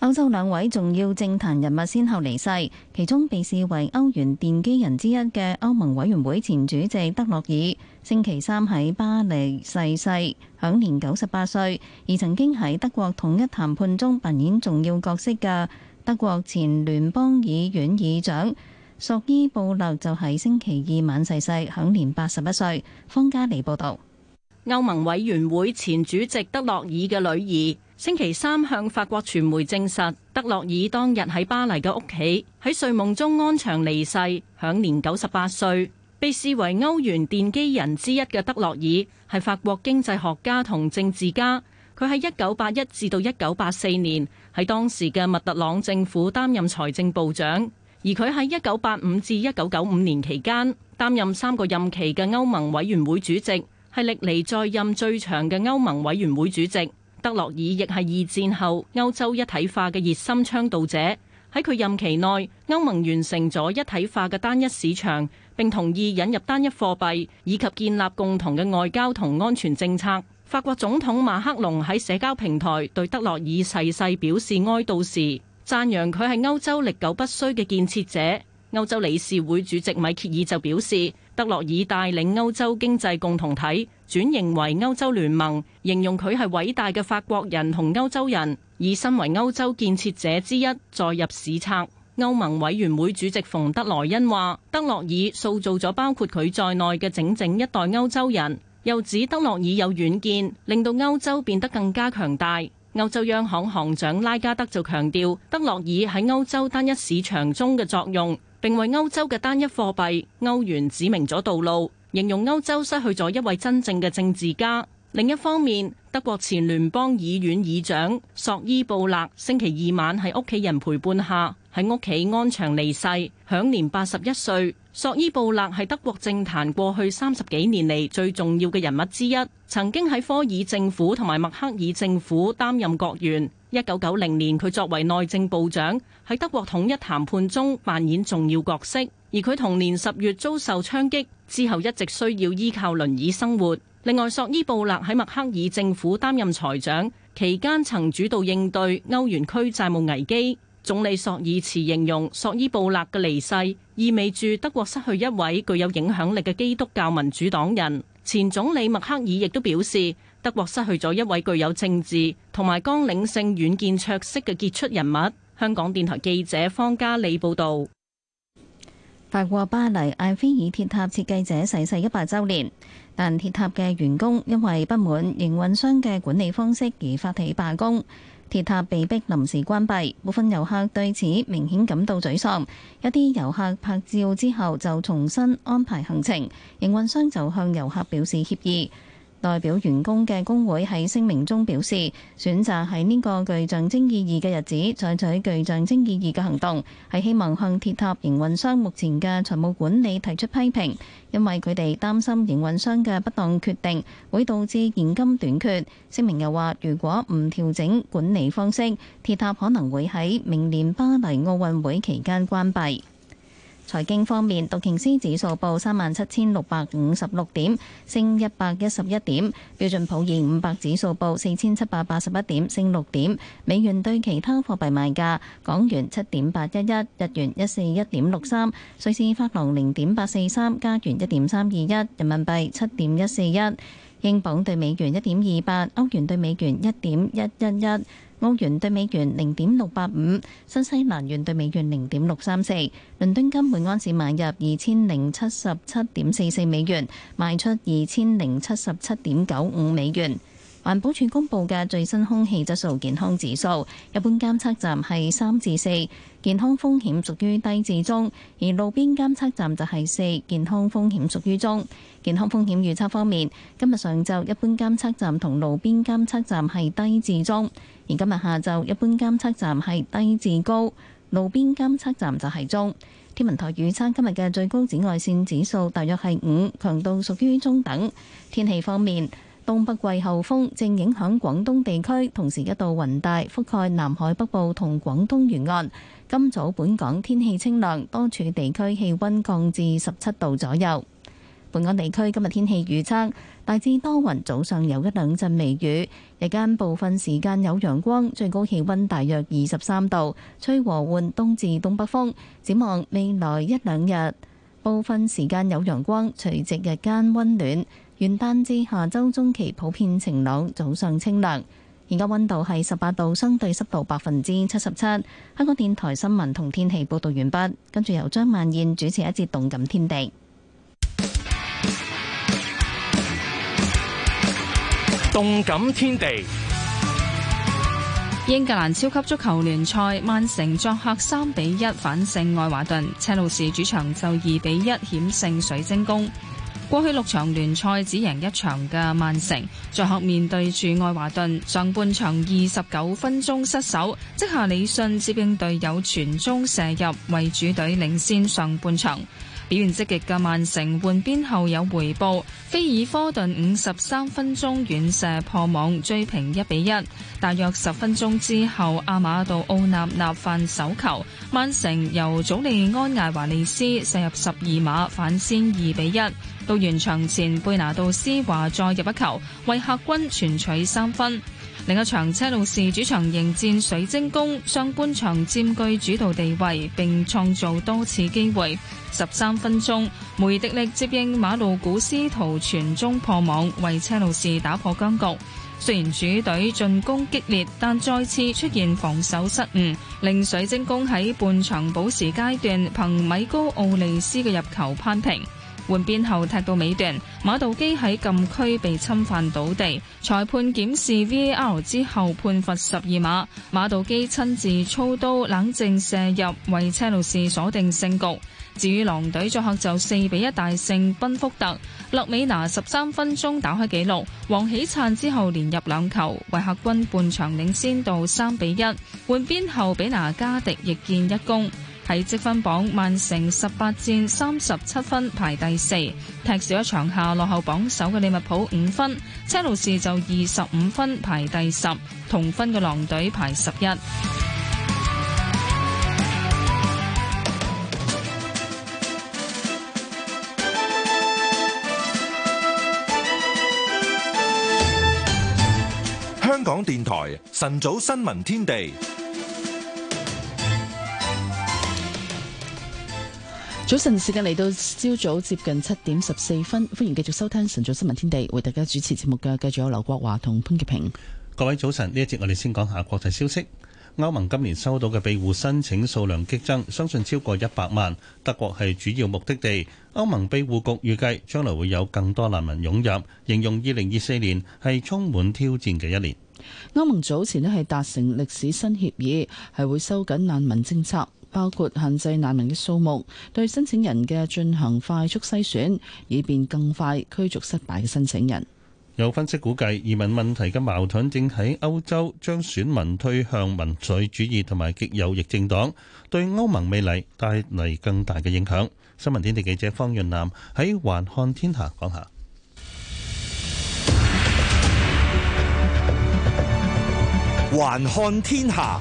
歐洲兩位重要政壇人物先後離世，其中被視為歐元奠基人之一嘅歐盟委員會前主席德洛爾，星期三喺巴黎逝世，享年九十八歲；而曾經喺德國統一談判中扮演重要角色嘅德國前聯邦議院議長索伊布勒就喺星期二晚逝世，享年八十一歲。方家妮報道，歐盟委員會前主席德洛爾嘅女兒，星期三向法國傳媒證實，德洛爾當日喺巴黎嘅屋企喺睡夢中安詳離世，享年九十八歲。被視為歐元奠基人之一嘅德洛爾係法國經濟學家同政治家。佢喺一九八一至到一九八四年喺當時嘅密特朗政府擔任財政部長，而佢喺一九八五至一九九五年期間擔任三個任期嘅歐盟委員會主席，係歷嚟在任最長嘅歐盟委員會主席。德洛爾亦係二戰後歐洲一體化嘅熱心倡導者，喺佢任期內，歐盟完成咗一體化嘅單一市場，並同意引入單一貨幣，以及建立共同嘅外交同安全政策。法國總統馬克龍喺社交平台對德洛爾逝世，世，世表示哀悼時，讚揚佢係歐洲歷久不衰嘅建設者。歐洲理事會主席米歇爾就表示，德洛爾帶領歐洲經濟共同體，轉型為歐洲聯盟，形容佢係偉大嘅法國人同歐洲人，以身為歐洲建設者之一載入史冊。歐盟委員會主席馮德萊恩話，德洛爾塑造咗包括佢在內嘅整整一代歐洲人。又指德洛爾有遠見，令到歐洲變得更加強大。歐洲央行行長拉加德就強調德洛爾喺歐洲單一市場中嘅作用，並為歐洲嘅單一貨幣歐元指明咗道路。形容歐洲失去咗一位真正嘅政治家。另一方面，德國前聯邦議院議長索伊布勒星期二晚喺屋企人陪伴下喺屋企安詳離世，享年八十一歲。索伊布勒係德國政壇過去三十幾年嚟，最重要嘅人物之一，曾經喺科爾政府同埋默克爾政府擔任國員。一九九零年，佢作為內政部長喺德國統一談判中扮演重要角色。而佢同年十月遭受槍擊。之後一直需要依靠輪椅生活。另外，索伊布勒喺默克爾政府擔任財長期間，曾主導應對歐元區債務危機。總理索爾茨形容索伊布勒嘅離世，意味住德國失去一位具有影響力嘅基督教民主黨人。前總理默克爾亦都表示，德國失去咗一位具有政治同埋綱領性遠見卓識嘅傑出人物。香港電台記者方嘉莉報道。法國巴黎埃菲爾鐵塔設計者逝世一百周年，但鐵塔嘅員工因為不滿營運商嘅管理方式而發起罷工，鐵塔被迫臨時關閉，部分遊客對此明顯感到沮喪，一啲遊客拍照之後就重新安排行程，營運商就向遊客表示歉意。代表員工嘅工會喺聲明中表示，選擇喺呢個具象徵意義嘅日子採取具象徵意義嘅行動，係希望向鐵塔營運商目前嘅財務管理提出批評，因為佢哋擔心營運商嘅不當決定會導致現金短缺。聲明又話，如果唔調整管理方式，鐵塔可能會喺明年巴黎奧運會期間關閉。財經方面，道瓊斯指數報三萬七千六百五十六點，升一百一十一點；標準普爾五百指數報四千七百八十一點，升六點。美元對其他貨幣賣價：港元七點八一一，日元一四一點六三，瑞士法郎零點八四三，加元一點三二一，人民幣七點一四一。英鎊對美元一點二八，歐元對美元一點一一一。澳元對美元零點六八五，新西蘭元對美元零點六三四，倫敦金每安士買入二千零七十七點四四美元，賣出二千零七十七點九五美元。環保署公布嘅最新空氣質素健康指數，一般監測站係三至四。健康風險屬於低至中，而路邊監測站就係四，健康風險屬於中。健康風險預測方面，今日上晝一般監測站同路邊監測站係低至中，而今日下晝一般監測站係低至高，路邊監測站就係中。天文台預測今日嘅最高紫外線指數大約係五，強度屬於中等。天氣方面，東北季候風正影響廣東地區，同時一道雲帶覆蓋南海北部同廣東沿岸。今早本港天氣清涼，多處地區氣温降至十七度左右。本港地區今日天氣預測大致多雲，早上有一兩陣微雨，日間部分時間有陽光，最高氣温大約二十三度，吹和緩東至東北風。展望未來一兩日，部分時間有陽光，隨夕日間温暖。元旦至下週中期普遍晴朗，早上清涼。而家溫度係十八度，相對濕度百分之七十七。香港電台新聞同天氣報道完畢，跟住由張曼燕主持一節《動感天地》。《動感天地》英格蘭超級足球聯賽，曼城作客三比一反勝愛華頓，車路士主場就二比一險勝勝水晶宮。過去六場聯賽只贏一場嘅曼城，在後面對住愛華頓，上半場二十九分鐘失守，即下李信接應隊友傳中射入，為主隊領先上半場。表現積極嘅曼城換邊後有回報，菲爾科頓五十三分鐘遠射破網，追平一比一。大約十分鐘之後，阿馬到奧納納犯手球，曼城由祖利安艾華利斯射入十二碼，反先二比一。到完場前，貝拿度斯華再入一球，為客軍全取三分。另一場，車路士主場迎戰水晶宮，上半場佔據主導地位並創造多次機會。十三分鐘，梅迪力接應馬路古斯圖傳中破網，為車路士打破僵局。雖然主隊進攻激烈，但再次出現防守失誤，令水晶宮喺半場補時階段憑米高奧利斯嘅入球扳平。換邊後踢到尾段，馬道基喺禁區被侵犯倒地，裁判檢視 VAR 之後判罰十二碼，馬道基親自操刀冷靜射入，為車路士鎖定勝局。至於狼隊作客就四比一大勝賓福特，勒美拿十三分鐘打開紀錄，王喜燦之後連入兩球，為客軍半場領先到三比一。換邊後比拿加迪亦見一功。喺積分榜，曼城十八戰三十七分排第四，踢少一場下落後榜首嘅利物浦五分，車路士就二十五分排第十，同分嘅狼隊排十一。香港電台晨早新聞天地。早晨，時間嚟到朝早接近七點十四分，歡迎繼續收聽晨早新聞天地，為大家主持節目嘅繼續有劉國華同潘潔平。各位早晨，呢一節我哋先講下國際消息。歐盟今年收到嘅庇護申請數量激增，相信超過一百萬，德國係主要目的地。歐盟庇護局預計將來會有更多難民湧入，形容二零二四年係充滿挑戰嘅一年。歐盟早前咧係達成歷史新協議，係會收緊難民政策。包括限制難民嘅數目，對申請人嘅進行快速篩選，以便更快驅逐失敗嘅申請人。有分析估計，移民問題嘅矛盾正喺歐洲將選民推向民粹主，主義同埋極右翼政黨，對歐盟未來帶嚟更大嘅影響。新聞天地記者方潤南喺環看天下講下，環看天下。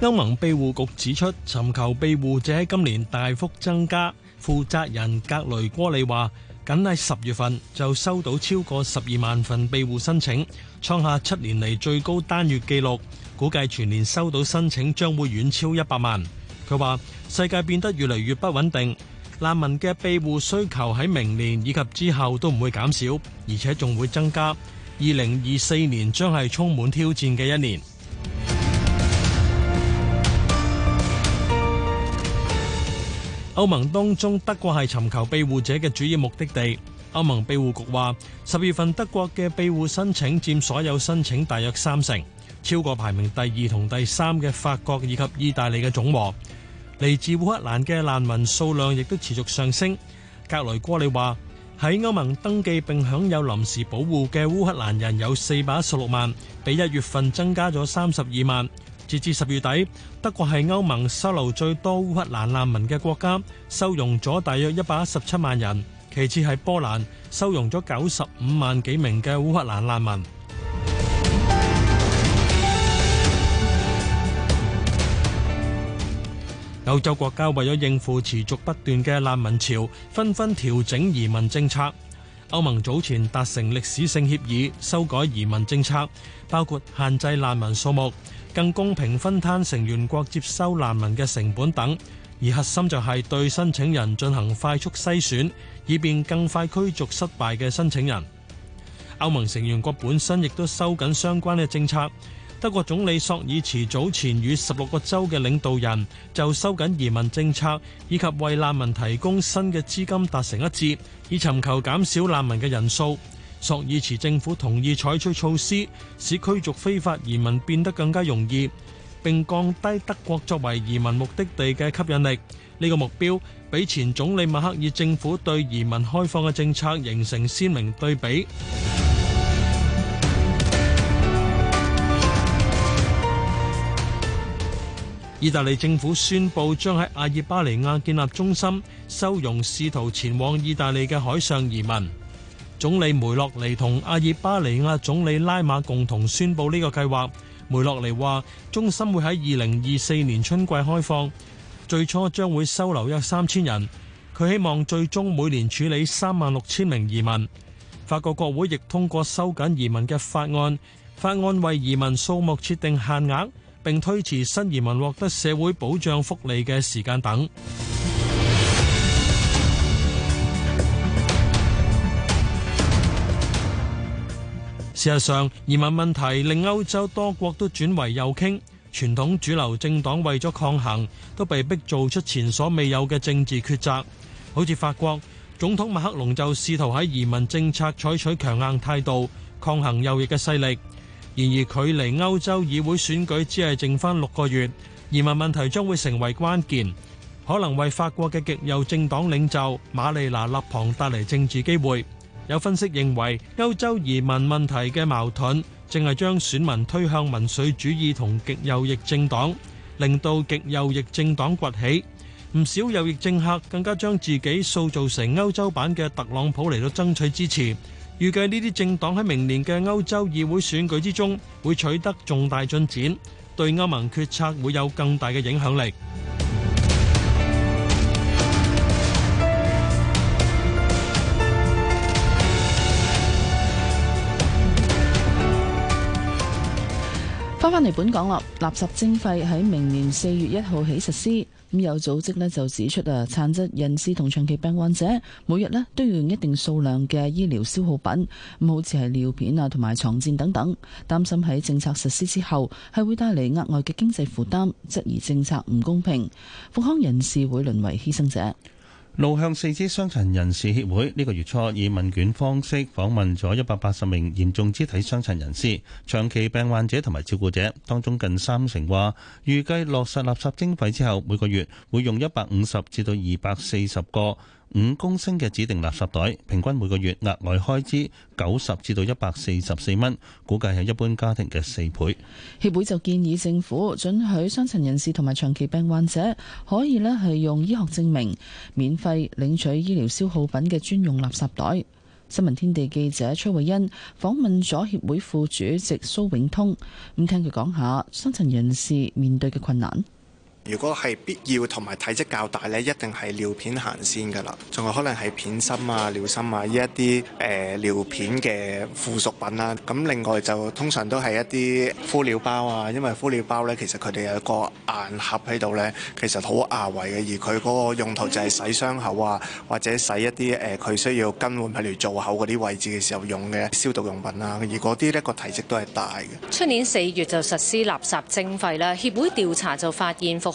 歐盟庇護局指出，尋求庇護者喺今年大幅增加。負責人格雷戈里話，僅喺十月份就收到超過十二萬份庇護申請，創下七年嚟最高單月紀錄。估計全年收到申請將會遠超一百萬。佢話世界變得越嚟越不穩定，難民嘅庇護需求喺明年以及之後都唔會減少，而且仲會增加。二零二四年將係充滿挑戰嘅一年。歐盟當中德國係尋求庇護者嘅主要目的地，歐盟庇護局話，十月份德國嘅庇護申請佔所有申請大約三成，超過排名第二同第三嘅法國以及意大利嘅總和。嚟自烏克蘭嘅難民數量亦都持續上升。格雷戈利話，喺歐盟登記並享有臨時保護嘅烏克蘭人有四百一十六萬，比一月份增加咗三十二萬。截至十月底，德國係歐盟收留最多烏克蘭難民嘅國家，收容咗大約一百一十七萬人。其次係波蘭，收容咗九十五萬幾名嘅烏克蘭難民。歐洲國家為咗應付持續不斷嘅難民潮，紛紛調整移民政策。歐盟早前達成歷史性協議，修改移民政策，包括限制難民數目。更公平分攤成員國接收難民嘅成本等，而核心就係對申請人進行快速篩選，以便更快驅逐失敗嘅申請人。歐盟成員國本身亦都收緊相關嘅政策。德國總理索爾茨早前與十六個州嘅領導人就收緊移民政策以及為難民提供新嘅資金達成一致，以尋求減少難民嘅人數。索爾茨政府同意採取措施，使驅逐非法移民變得更加容易，並降低德國作為移民目的地嘅吸引力。呢個目標，比前總理默克爾政府對移民開放嘅政策形成鮮明對比。意大利政府宣布將喺阿爾巴尼亞建立中心，收容試圖前往意大利嘅海上移民。總理梅洛尼同阿爾巴尼亞總理拉馬共同宣布呢個計劃。梅洛尼話，中心會喺二零二四年春季開放，最初將會收留約三千人。佢希望最終每年處理三萬六千名移民。法國國會亦通過收緊移民嘅法案，法案為移民數目設定限額，並推遲新移民獲得社會保障福利嘅時間等。事實上，移民問題令歐洲多國都轉為右傾，傳統主流政黨為咗抗衡，都被逼做出前所未有嘅政治抉擇。好似法國總統馬克龍就試圖喺移民政策採取強硬態度，抗衡右翼嘅勢力。然而，距離歐洲議會選舉只係剩返六個月，移民問題將會成為關鍵，可能為法國嘅極右政黨領袖瑪麗娜·勒龐帶嚟政治機會。有分析認為，歐洲移民問題嘅矛盾正係將選民推向民粹主義同極右翼政黨，令到極右翼政黨崛起。唔少右翼政客更加將自己塑造成歐洲版嘅特朗普嚟到爭取支持。預計呢啲政黨喺明年嘅歐洲議會選舉之中會取得重大進展，對歐盟決策會有更大嘅影響力。翻翻嚟本港咯，垃圾徵費喺明年四月一號起實施。咁有組織咧就指出啊，殘疾人士同長期病患者每日咧都要用一定數量嘅醫療消耗品，咁好似係尿片啊同埋床墊等等。擔心喺政策實施之後，係會帶嚟額外嘅經濟負擔，質疑政策唔公平，復康人士會淪為犧牲者。路向四肢傷殘人士協會呢個月初以問卷方式訪問咗一百八十名嚴重肢體傷殘人士、長期病患者同埋照顧者，當中近三成話預計落實垃圾徵費之後，每個月會用一百五十至到二百四十個五公升嘅指定垃圾袋，平均每個月額外開支九十至到一百四十四蚊，估計係一般家庭嘅四倍。協會就建議政府准許傷殘人士同埋長期病患者可以咧係用醫學證明免費領取醫療消耗品嘅專用垃圾袋。新聞天地記者崔慧欣訪問咗協會副主席蘇永通，咁聽佢講下傷殘人士面對嘅困難。如果係必要同埋體積較大呢，一定係尿片行先㗎喇。仲有可能係片芯啊、尿芯啊呢一啲誒、呃、尿片嘅附屬品啦、啊。咁另外就通常都係一啲敷料包啊，因為敷料包呢，其實佢哋有一個硬盒喺度呢，其實好牙維嘅。而佢嗰個用途就係洗傷口啊，或者洗一啲誒佢需要更換譬如造口嗰啲位置嘅時候用嘅消毒用品啊。而嗰啲呢個體積都係大嘅。出年四月就實施垃圾徵費啦，協會調查就發現服。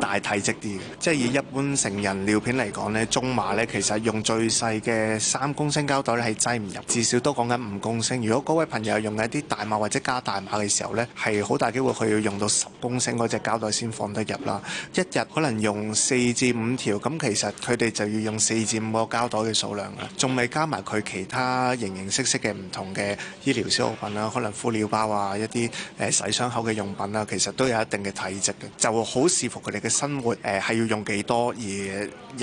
大體積啲嘅，即係以一般成人尿片嚟講，呢中碼呢，其實用最細嘅三公升膠袋咧係擠唔入，至少都講緊五公升。如果嗰位朋友用緊一啲大碼或者加大碼嘅時候呢，係好大機會佢要用到十公升嗰隻膠袋先放得入啦。一日可能用四至五條，咁其實佢哋就要用四至五個膠袋嘅數量啦。仲未加埋佢其他形形色色嘅唔同嘅醫療消耗品啦，可能敷料包啊、一啲誒洗傷口嘅用品啦，其實都有一定嘅體積嘅，就好視乎佢哋嘅生活誒係要用幾多而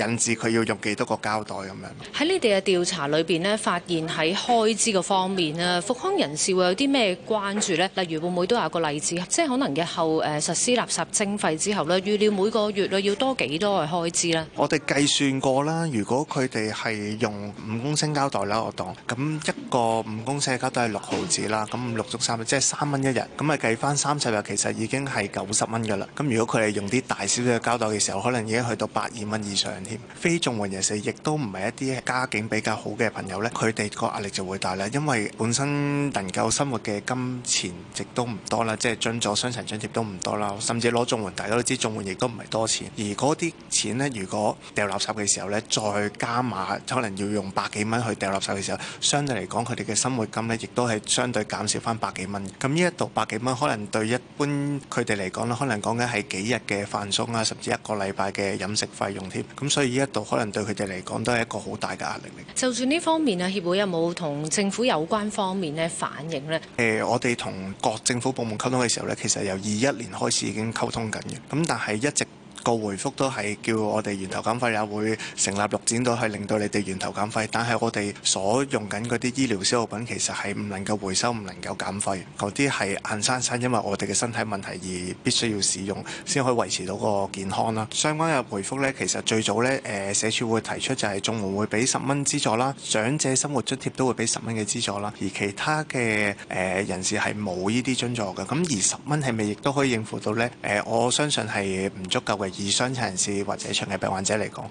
引致佢要用幾多個膠袋咁樣？喺你哋嘅調查裏邊呢，發現喺開支個方面啊，復康人士會有啲咩關注呢？例如，會唔會都有個例子，即係可能日後誒實施垃圾徵費之後咧，預料每個月啊要多幾多嘅開支呢？我哋計算過啦，如果佢哋係用五公升膠袋啦，我當咁一個五公升嘅膠袋係六毫子啦，咁六足三即係三蚊一日，咁啊計翻三十日，其實已經係九十蚊噶啦。咁如果佢係用啲大。少少交代嘅時候，可能已經去到百二蚊以上添。非綜援人士亦都唔係一啲家境比較好嘅朋友呢，佢哋個壓力就會大啦，因為本身能夠生活嘅金錢亦都唔多啦，即係進咗雙層津貼都唔多啦，甚至攞綜援，大家都知綜援亦都唔係多錢。而嗰啲錢呢，如果掉垃圾嘅時候呢，再加碼，可能要用百幾蚊去掉垃圾嘅時候，相對嚟講佢哋嘅生活金呢，亦都係相對減少翻百幾蚊。咁呢一度百幾蚊，可能對一般佢哋嚟講咧，可能講緊係幾日嘅飯。啊，甚至一個禮拜嘅飲食費用添，咁所以呢一度可能對佢哋嚟講都係一個好大嘅壓力嚟。就算呢方面啊，協會有冇同政府有關方面咧反應呢？誒、呃，我哋同各政府部門溝通嘅時候咧，其實由二一年開始已經溝通緊嘅，咁但係一直。個回覆都係叫我哋源頭減廢，也會成立落展到去令到你哋源頭減廢。但係我哋所用緊嗰啲醫療消耗品，其實係唔能夠回收、唔能夠減廢。嗰啲係硬生生因為我哋嘅身體問題而必須要使用，先可以維持到個健康啦。相關嘅回覆呢，其實最早呢，誒、呃、社署會提出就係綜援會俾十蚊資助啦，長者生活津貼都會俾十蚊嘅資助啦。而其他嘅誒人士係冇呢啲津助嘅。咁而十蚊係咪亦都可以應付到呢？誒、呃，我相信係唔足夠嘅。以傷殘人士或者長期病患者嚟講，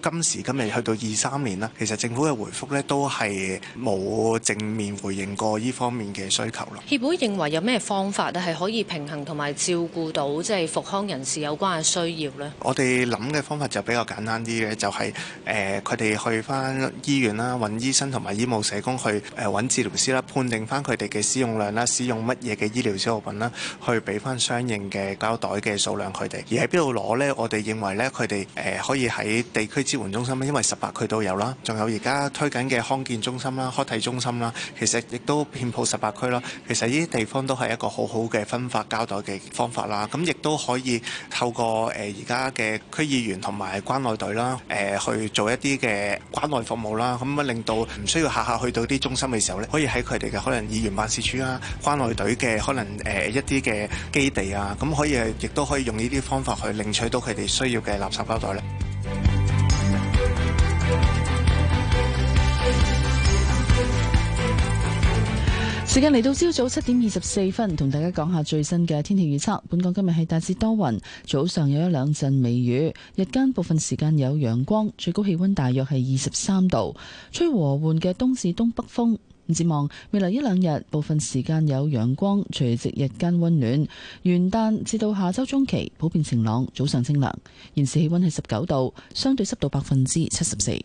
到今時今日去到二三年啦，其實政府嘅回覆呢都係冇正面回應過呢方面嘅需求咯。協會認為有咩方法咧係可以平衡同埋照顧到即係復康人士有關嘅需要呢？我哋諗嘅方法就比較簡單啲嘅，就係誒佢哋去翻醫院啦，揾醫生同埋醫務社工去誒揾治療師啦，判定翻佢哋嘅使用量啦，使用乜嘢嘅醫療消耗品啦，去俾翻相應嘅膠袋嘅數量佢哋，而喺邊度攞？咧，我哋認為咧，佢哋誒可以喺地區支援中心，因為十八區都有啦。仲有而家推緊嘅康健中心啦、康體中心啦，其實亦都遍布十八區啦。其實呢啲地方都係一個好好嘅分發交代嘅方法啦。咁亦都可以透過誒而家嘅區議員同埋關愛隊啦，誒去做一啲嘅關愛服務啦。咁啊，令到唔需要下下去到啲中心嘅時候咧，可以喺佢哋嘅可能議員辦事處啊、關愛隊嘅可能誒一啲嘅基地啊，咁可以亦都可以用呢啲方法去領取。攞到佢哋需要嘅垃圾膠袋咧。時間嚟到朝早七點二十四分，同大家講下最新嘅天氣預測。本港今日係大致多雲，早上有一兩陣微雨，日間部分時間有陽光，最高氣溫大約係二十三度，吹和緩嘅東至東北風。唔，展望未來一兩日，部分時間有陽光，隨夕日間溫暖。元旦至到下周中期，普遍晴朗，早上清涼。現時氣溫係十九度，相對濕度百分之七十四。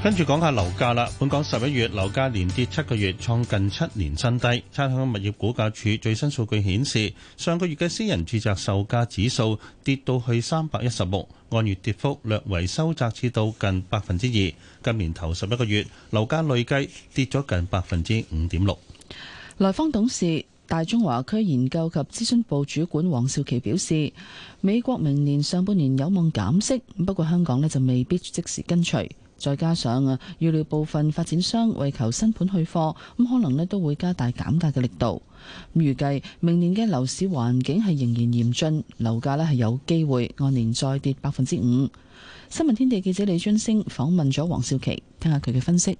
跟住講下樓價啦。本港十一月樓價連跌七個月，創近七年新低。差餉物業估價署最新數據顯示，上個月嘅私人住宅售價指數跌到去三百一十六，按月跌幅略為收窄至，至到近百分之二。今年頭十一個月樓價累計跌咗近百分之五點六。萊坊董事大中華區研究及諮詢部主管王兆麒表示，美國明年上半年有望減息，不過香港呢就未必即時跟隨。再加上啊，預料部分發展商為求新盤去貨，咁可能咧都會加大減價嘅力度。咁預計明年嘅樓市環境係仍然嚴峻，樓價咧係有機會按年再跌百分之五。新聞天地記者李津星訪問咗黃少琪，聽下佢嘅分析。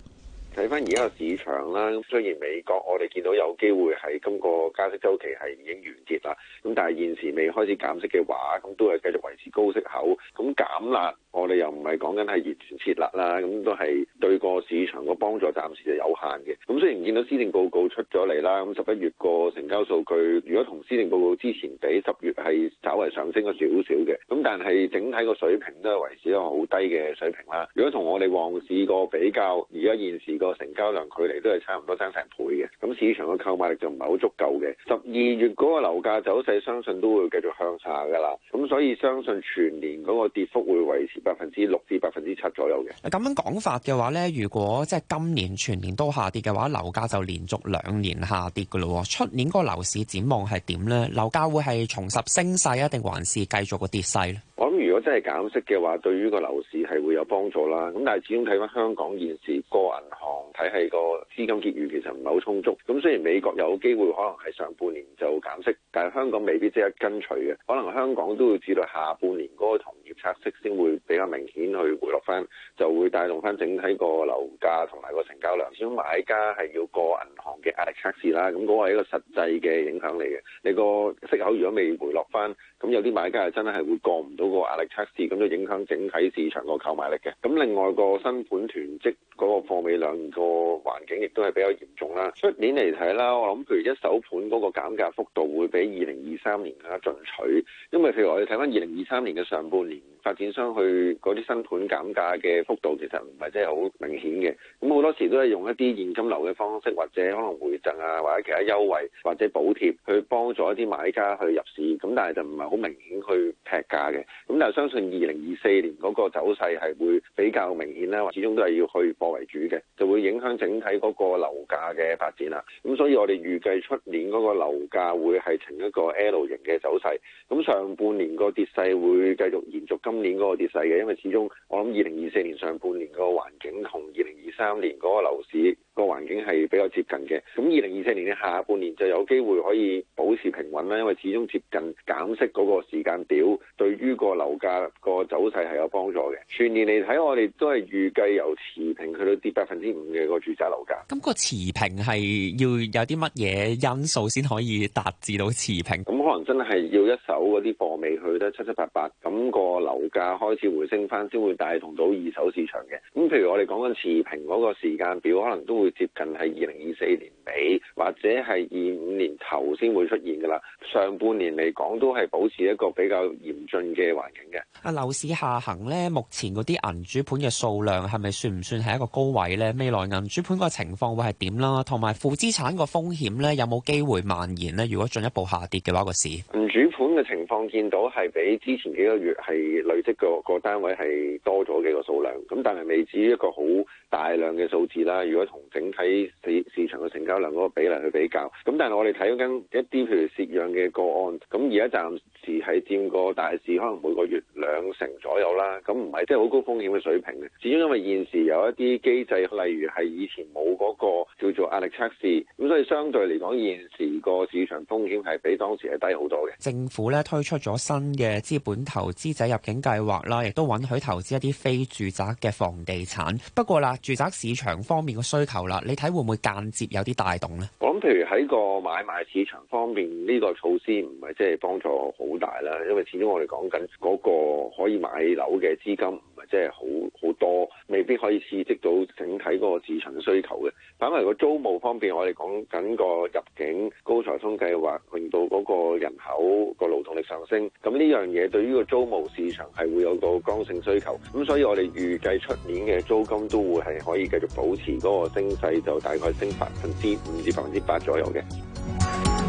睇翻而家個市場啦，咁雖然美國我哋見到有機會喺今個加息周期係已經完結啦，咁但係現時未開始減息嘅話，咁都係繼續維持高息口，咁減啦。我哋又唔係講緊係完全設立啦，咁都係對個市場個幫助暫時係有限嘅。咁雖然見到施政報告出咗嚟啦，咁十一月個成交數據，如果同施政報告之前比，十月係稍為上升咗少少嘅，咁但係整體個水平都係維持一個好低嘅水平啦。如果同我哋旺市個比較，而家現時個成交量距離都係差唔多爭成倍嘅，咁市場個購買力就唔係好足夠嘅。十二月嗰個樓價走勢相信都會繼續向下㗎啦，咁所以相信全年嗰個跌幅會維持百分之六至百分之七左右嘅，咁樣講法嘅話咧，如果即係今年全年都下跌嘅話，樓價就連續兩年下跌噶咯。出年個樓市展望係點咧？樓價會係重拾升勢啊，定還是繼續個跌勢咧？如果真係減息嘅話，對於個樓市係會有幫助啦。咁但係始終睇翻香港現時個銀行體系個資金結餘其實唔係好充足。咁雖然美國有機會可能係上半年就減息，但係香港未必即刻跟隨嘅。可能香港都會至到下半年嗰個同業拆息先會比較明顯去回落翻，就會帶動翻整體個樓價同埋個成交量。始終買家係要過銀行嘅壓力測試啦。咁、那、嗰個係一個實際嘅影響嚟嘅。你個息口如果未回落翻，咁有啲買家係真係會過唔到、那個。壓力測試，咁就影響整體市場個購買力嘅。咁另外個新盤囤積嗰個貨尾量個環境亦都係比較嚴重啦。出年嚟睇啦，我諗譬如一手盤嗰個減價幅度會比二零二三年更加進取，因為譬如我哋睇返二零二三年嘅上半年，發展商去嗰啲新盤減價嘅幅度其實唔係真係好明顯嘅。咁好多時都係用一啲現金流嘅方式，或者可能回贈啊、或者其他優惠、或者補貼去幫助一啲買家去入市，咁但係就唔係好明顯去劈價嘅。相信二零二四年嗰個走勢係會比較明顯啦，始終都係要去貨為主嘅，就會影響整體嗰個樓價嘅發展啦。咁所以我哋預計出年嗰個樓價會係呈一個 L 型嘅走勢，咁上半年個跌勢會繼續延續今年嗰個跌勢嘅，因為始終我諗二零二四年上半年個環境同二零二三年嗰個樓市個環境係比較接近嘅。咁二零二四年嘅下半年就有機會可以保持平穩啦，因為始終接近減息嗰個時間表，對於個樓。樓價個走勢係有幫助嘅。全年嚟睇，我哋都係預計由持平去到跌百分之五嘅個住宅樓價。咁個持平係要有啲乜嘢因素先可以達至到持平？咁可能真係要一手嗰啲貨未去得七七八八，咁個樓價開始回升翻，先會帶動到二手市場嘅。咁譬如我哋講緊持平嗰個時間表，可能都會接近係二零二四年尾，或者係二五年頭先會出現噶啦。上半年嚟講，都係保持一個比較嚴峻嘅環境。啊！樓市下行咧，目前嗰啲銀主盤嘅數量係咪算唔算係一個高位咧？未來銀主盤個情況會係點啦？同埋負資產個風險咧，有冇機會蔓延咧？如果進一步下跌嘅話，個市銀主盤。嘅情況見到係比之前幾個月係累積個個單位係多咗幾個數量，咁但係未至於一個好大量嘅數字啦。如果同整體市市場嘅成交量嗰個比例去比較，咁但係我哋睇緊一啲譬如蝕讓嘅個案，咁而家暫時係佔個大市可能每個月兩成左右啦。咁唔係即係好高風險嘅水平嘅，始終因為現時有一啲機制，例如係以前冇嗰個叫做壓力測試，咁所以相對嚟講，現時個市場風險係比當時係低好多嘅。政府咧推出咗新嘅資本投資者入境計劃啦，亦都允許投資一啲非住宅嘅房地產。不過啦，住宅市場方面嘅需求啦，你睇會唔會間接有啲帶動呢？譬如喺個買賣市場方面，呢個措施唔係即係幫助好大啦，因為始終我哋講緊嗰個可以買樓嘅資金唔係即係好好多，未必可以刺激到整體嗰個市場需求嘅。反為個租務方面，我哋講緊個入境高才通計劃，令到嗰個人口個勞動力上升，咁呢樣嘢對於個租務市場係會有個剛性需求。咁所以我哋預計出年嘅租金都會係可以繼續保持嗰個升勢，就大概升百分之五至百分之八左右嘅。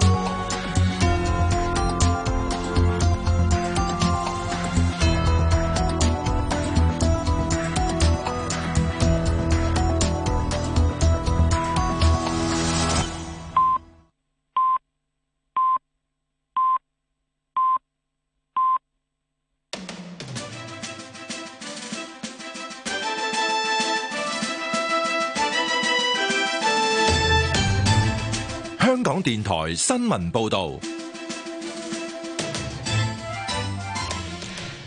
電台新聞報道，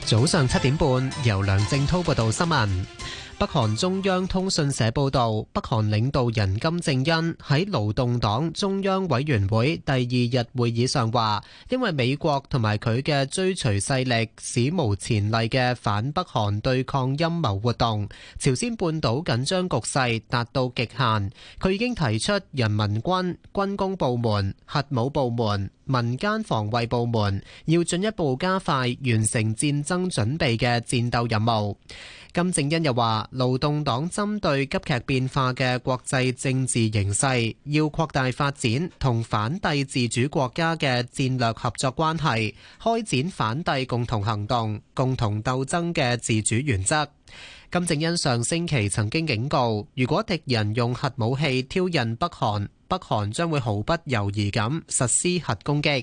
早上七點半，由梁靜濤報道新聞。北韓中央通訊社報道，北韓領導人金正恩喺勞動黨中央委員會第二日會議上話：因為美國同埋佢嘅追隨勢力史無前例嘅反北韓對抗陰謀活動，朝鮮半島緊張局勢達到極限。佢已經提出人民軍、軍工部門、核武部門、民間防衛部門要進一步加快完成戰爭準備嘅戰鬥任務。金正恩又話：勞動黨針對急劇變化嘅國際政治形勢，要擴大發展同反帝自主國家嘅戰略合作關係，開展反帝共同行動、共同鬥爭嘅自主原則。金正恩上星期曾經警告，如果敵人用核武器挑釁北韓，北韓將會毫不猶豫咁實施核攻擊。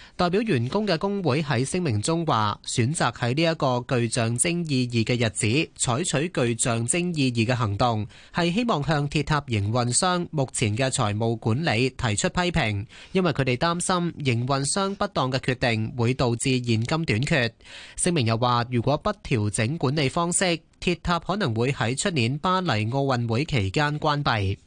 代表員工嘅工會喺聲明中話：選擇喺呢一個具象徵意義嘅日子採取具象徵意義嘅行動，係希望向鐵塔營運商目前嘅財務管理提出批評，因為佢哋擔心營運商不當嘅決定會導致現金短缺。聲明又話：如果不調整管理方式，鐵塔可能會喺出年巴黎奧運會期間關閉。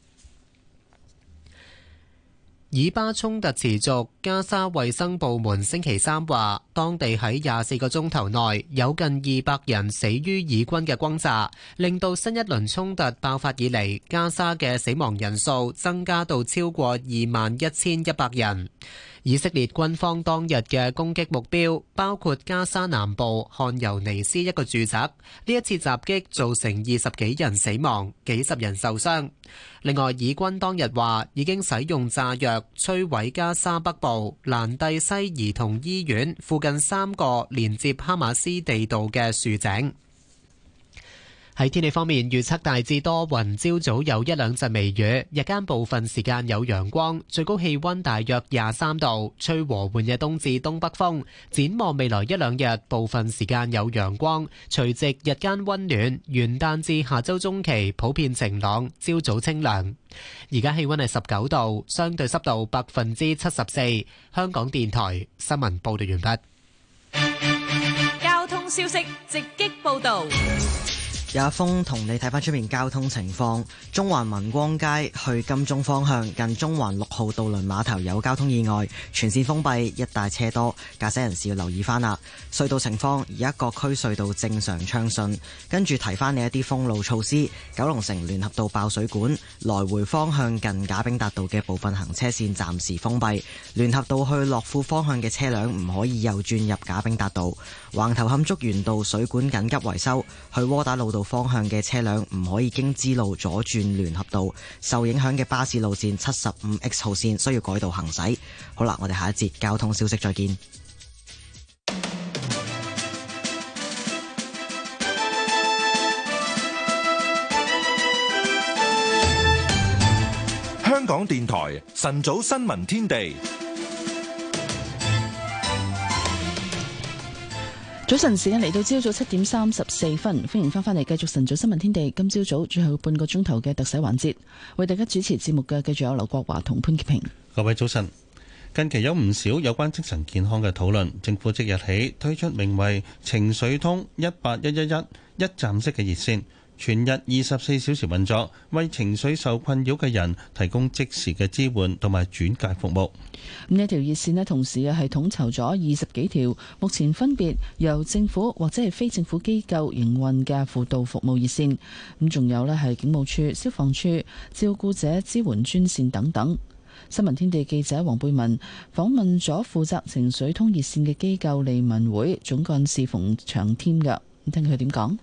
以巴衝突持續，加沙衛生部門星期三話，當地喺廿四個鐘頭內有近二百人死於以軍嘅轟炸，令到新一輪衝突爆發以嚟，加沙嘅死亡人數增加到超過二萬一千一百人。以色列軍方當日嘅攻擊目標包括加沙南部漢尤尼斯一個住宅。呢一次襲擊造成二十幾人死亡，幾十人受傷。另外，以軍當日話已經使用炸藥摧毀加沙北部蘭蒂西兒童醫院附近三個連接哈馬斯地道嘅樹井。喺天氣方面預測大致多雲，朝早有一兩陣微雨，日間部分時間有陽光，最高氣温大約廿三度，吹和緩嘅東至東北風。展望未來一兩日，部分時間有陽光，隨即日間温暖。元旦至下週中期普遍晴朗，朝早清涼。而家氣温係十九度，相對濕度百分之七十四。香港電台新聞報導完畢。交通消息，直擊報道。Yes. 有阿峰同你睇翻出面交通情況，中環民光街去金鐘方向近中環六號渡輪碼頭有交通意外，全線封閉，一帶車多，駕駛人士要留意翻啦。隧道情況，而家各區隧道正常暢順，跟住提翻你一啲封路措施。九龍城聯合道爆水管，來回方向近賈炳達道嘅部分行車線暫時封閉，聯合道去樂富方向嘅車輛唔可以右轉入賈炳達道。橫頭磡竹園道水管緊急維修，去窩打老道方向嘅車輛唔可以經支路左轉聯合道。受影響嘅巴士路綫七十五 X 號綫需要改道行駛。好啦，我哋下一節交通消息再見。香港電台晨早新聞天地。早晨，時間嚟到朝早七點三十四分，歡迎翻返嚟繼續晨早新聞天地。今朝早，早最後半個鐘頭嘅特寫環節，為大家主持節目嘅繼續有劉國華同潘潔平。各位早晨，近期有唔少有關精神健康嘅討論，政府即日起推出名為情緒通一八一一一一站式嘅熱線。全日二十四小時運作，為情緒受困擾嘅人提供即時嘅支援同埋轉介服務。咁呢條熱線呢，同時係統籌咗二十幾條，目前分別由政府或者係非政府機構營運嘅輔導服務熱線，咁仲有呢係警務處、消防處、照顧者支援專線等等。新聞天地記者黃貝文訪問咗負責情緒通熱線嘅機構利民會總幹事馮長添㗎，咁聽佢點講？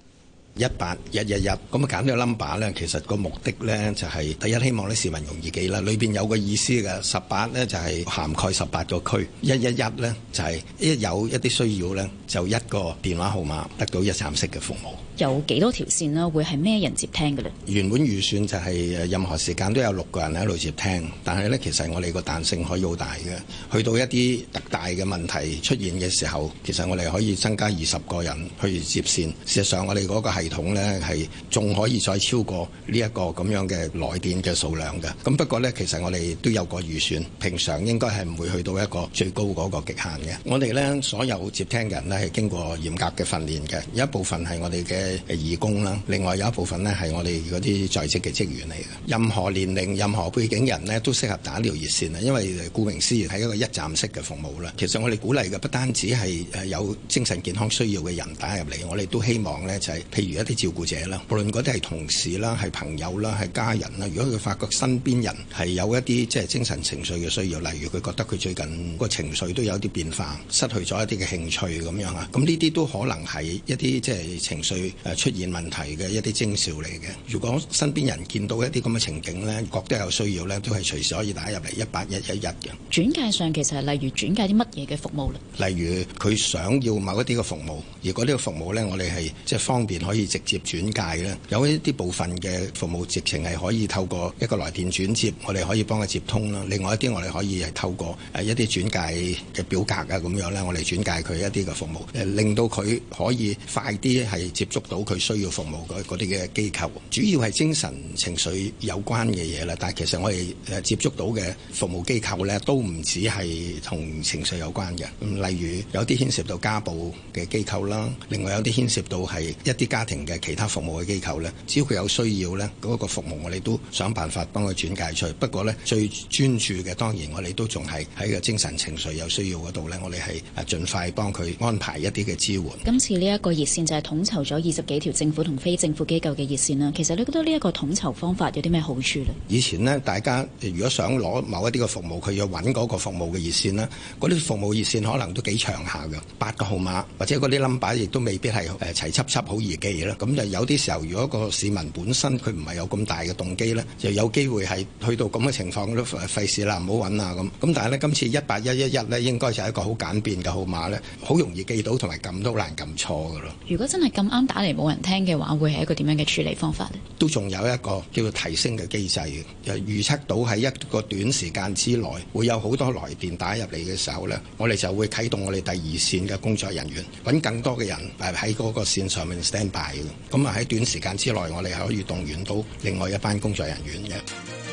一八一一一咁啊，揀咗 number 咧，其實個目的咧就係第一，希望啲市民容易記啦。裏邊有個意思㗎，十八咧就係涵蓋十八個區，一一一咧就係一有一啲需要咧，就一個電話號碼得到一站式嘅服務。有幾多條線呢？會係咩人接聽嘅呢？原本預算就係任何時間都有六個人喺度接聽，但係呢，其實我哋個彈性可以好大嘅。去到一啲特大嘅問題出現嘅時候，其實我哋可以增加二十個人去接線。事實上，我哋嗰個系統呢，係仲可以再超過呢一個咁樣嘅來電嘅數量嘅。咁不過呢，其實我哋都有個預算，平常應該係唔會去到一個最高嗰個極限嘅。我哋呢，所有接聽人呢，係經過嚴格嘅訓練嘅，有一部分係我哋嘅。義工啦，另外有一部分呢係我哋嗰啲在職嘅職員嚟嘅。任何年齡、任何背景人呢，都適合打呢條熱線啊。因為顧名思義係一個一站式嘅服務啦。其實我哋鼓勵嘅不單止係誒有精神健康需要嘅人打入嚟，我哋都希望呢、就是，就係譬如一啲照顧者啦，無論嗰啲係同事啦、係朋友啦、係家人啦。如果佢發覺身邊人係有一啲即係精神情緒嘅需要，例如佢覺得佢最近個情緒都有啲變化，失去咗一啲嘅興趣咁樣啊，咁呢啲都可能係一啲即係情緒。誒、啊、出現問題嘅一啲徵兆嚟嘅。如果身邊人見到一啲咁嘅情景咧，覺得有需要呢，都係隨時可以打入嚟一八一一一嘅。轉介上其實係例如轉介啲乜嘢嘅服務咧？例如佢想要某一啲嘅服務，如果呢個服務呢，我哋係即係方便可以直接轉介咧，有一啲部分嘅服務直情係可以透過一個來電轉接，我哋可以幫佢接通啦。另外一啲我哋可以係透過誒一啲轉介嘅表格啊咁樣呢，我哋轉介佢一啲嘅服務，誒令到佢可以快啲係接觸到佢需要服務嗰啲嘅機構，主要係精神情緒有關嘅嘢啦。但係其實我哋誒接觸到嘅服務機構咧，都唔止係同情緒有關嘅。例如有啲牽涉到家暴嘅機構啦，另外有啲牽涉到係一啲家庭嘅其他服務嘅機構咧。只要佢有需要咧，嗰一個服務我哋都想辦法幫佢轉介出去。不過咧，最專注嘅當然我哋都仲係喺個精神情緒有需要嗰度咧，我哋係誒盡快幫佢安排一啲嘅支援。今次呢一個熱線就係統籌咗二十幾條政府同非政府機構嘅熱線啦，其實你覺得呢一個統籌方法有啲咩好處呢？以前呢，大家如果想攞某一啲嘅服務，佢要揾嗰個服務嘅熱線啦，嗰啲服務熱線可能都幾長下㗎，八個號碼或者嗰啲 number 亦都未必係誒、呃、齊輯輯好易記啦。咁就有啲時候，如果個市民本身佢唔係有咁大嘅動機呢，就有機會係去到咁嘅情況都費事啦，唔好揾啊咁。咁但係呢，今次一八一一一呢，應該就係一個好簡便嘅號碼呢，好容易記到同埋撳都難撳錯㗎咯。如果真係咁啱打嚟冇人聽嘅話，會係一個點樣嘅處理方法咧？都仲有一個叫做提升嘅機制嘅，就預測到喺一個短時間之內會有好多來電打入嚟嘅時候咧，我哋就會啟動我哋第二線嘅工作人員，揾更多嘅人誒喺嗰個線上面 stand by 嘅。咁啊喺短時間之內，我哋係可以動員到另外一班工作人員嘅。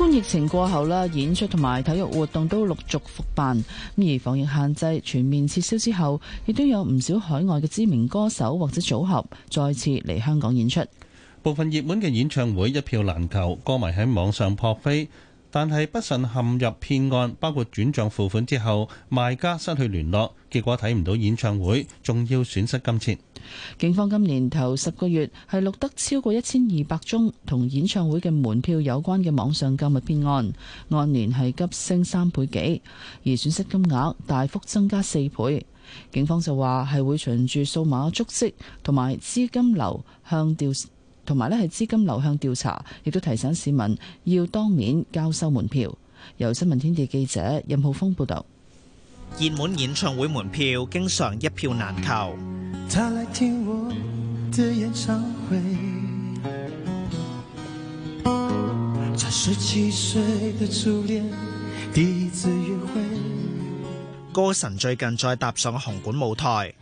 冠疫情過後啦，演出同埋體育活動都陸續復辦。而防疫限制全面撤銷之後，亦都有唔少海外嘅知名歌手或者組合再次嚟香港演出。部分熱門嘅演唱會一票難求，歌迷喺網上撲飛。但係不慎陷入騙案，包括轉帳付款之後，賣家失去聯絡，結果睇唔到演唱會，仲要損失金錢。警方今年頭十個月係錄得超過一千二百宗同演唱會嘅門票有關嘅網上購物騙案，按年係急升三倍幾，而損失金額大幅增加四倍。警方就話係會循住數碼足跡同埋資金流向調。同埋呢，係資金流向調查，亦都提醒市民要當面交收門票。由新聞天地記者任浩峰報導。熱門演唱會門票經常一票難求。 他來聽我的演唱會，這十七歲的初戀第一次歌神最近再踏上紅館舞台，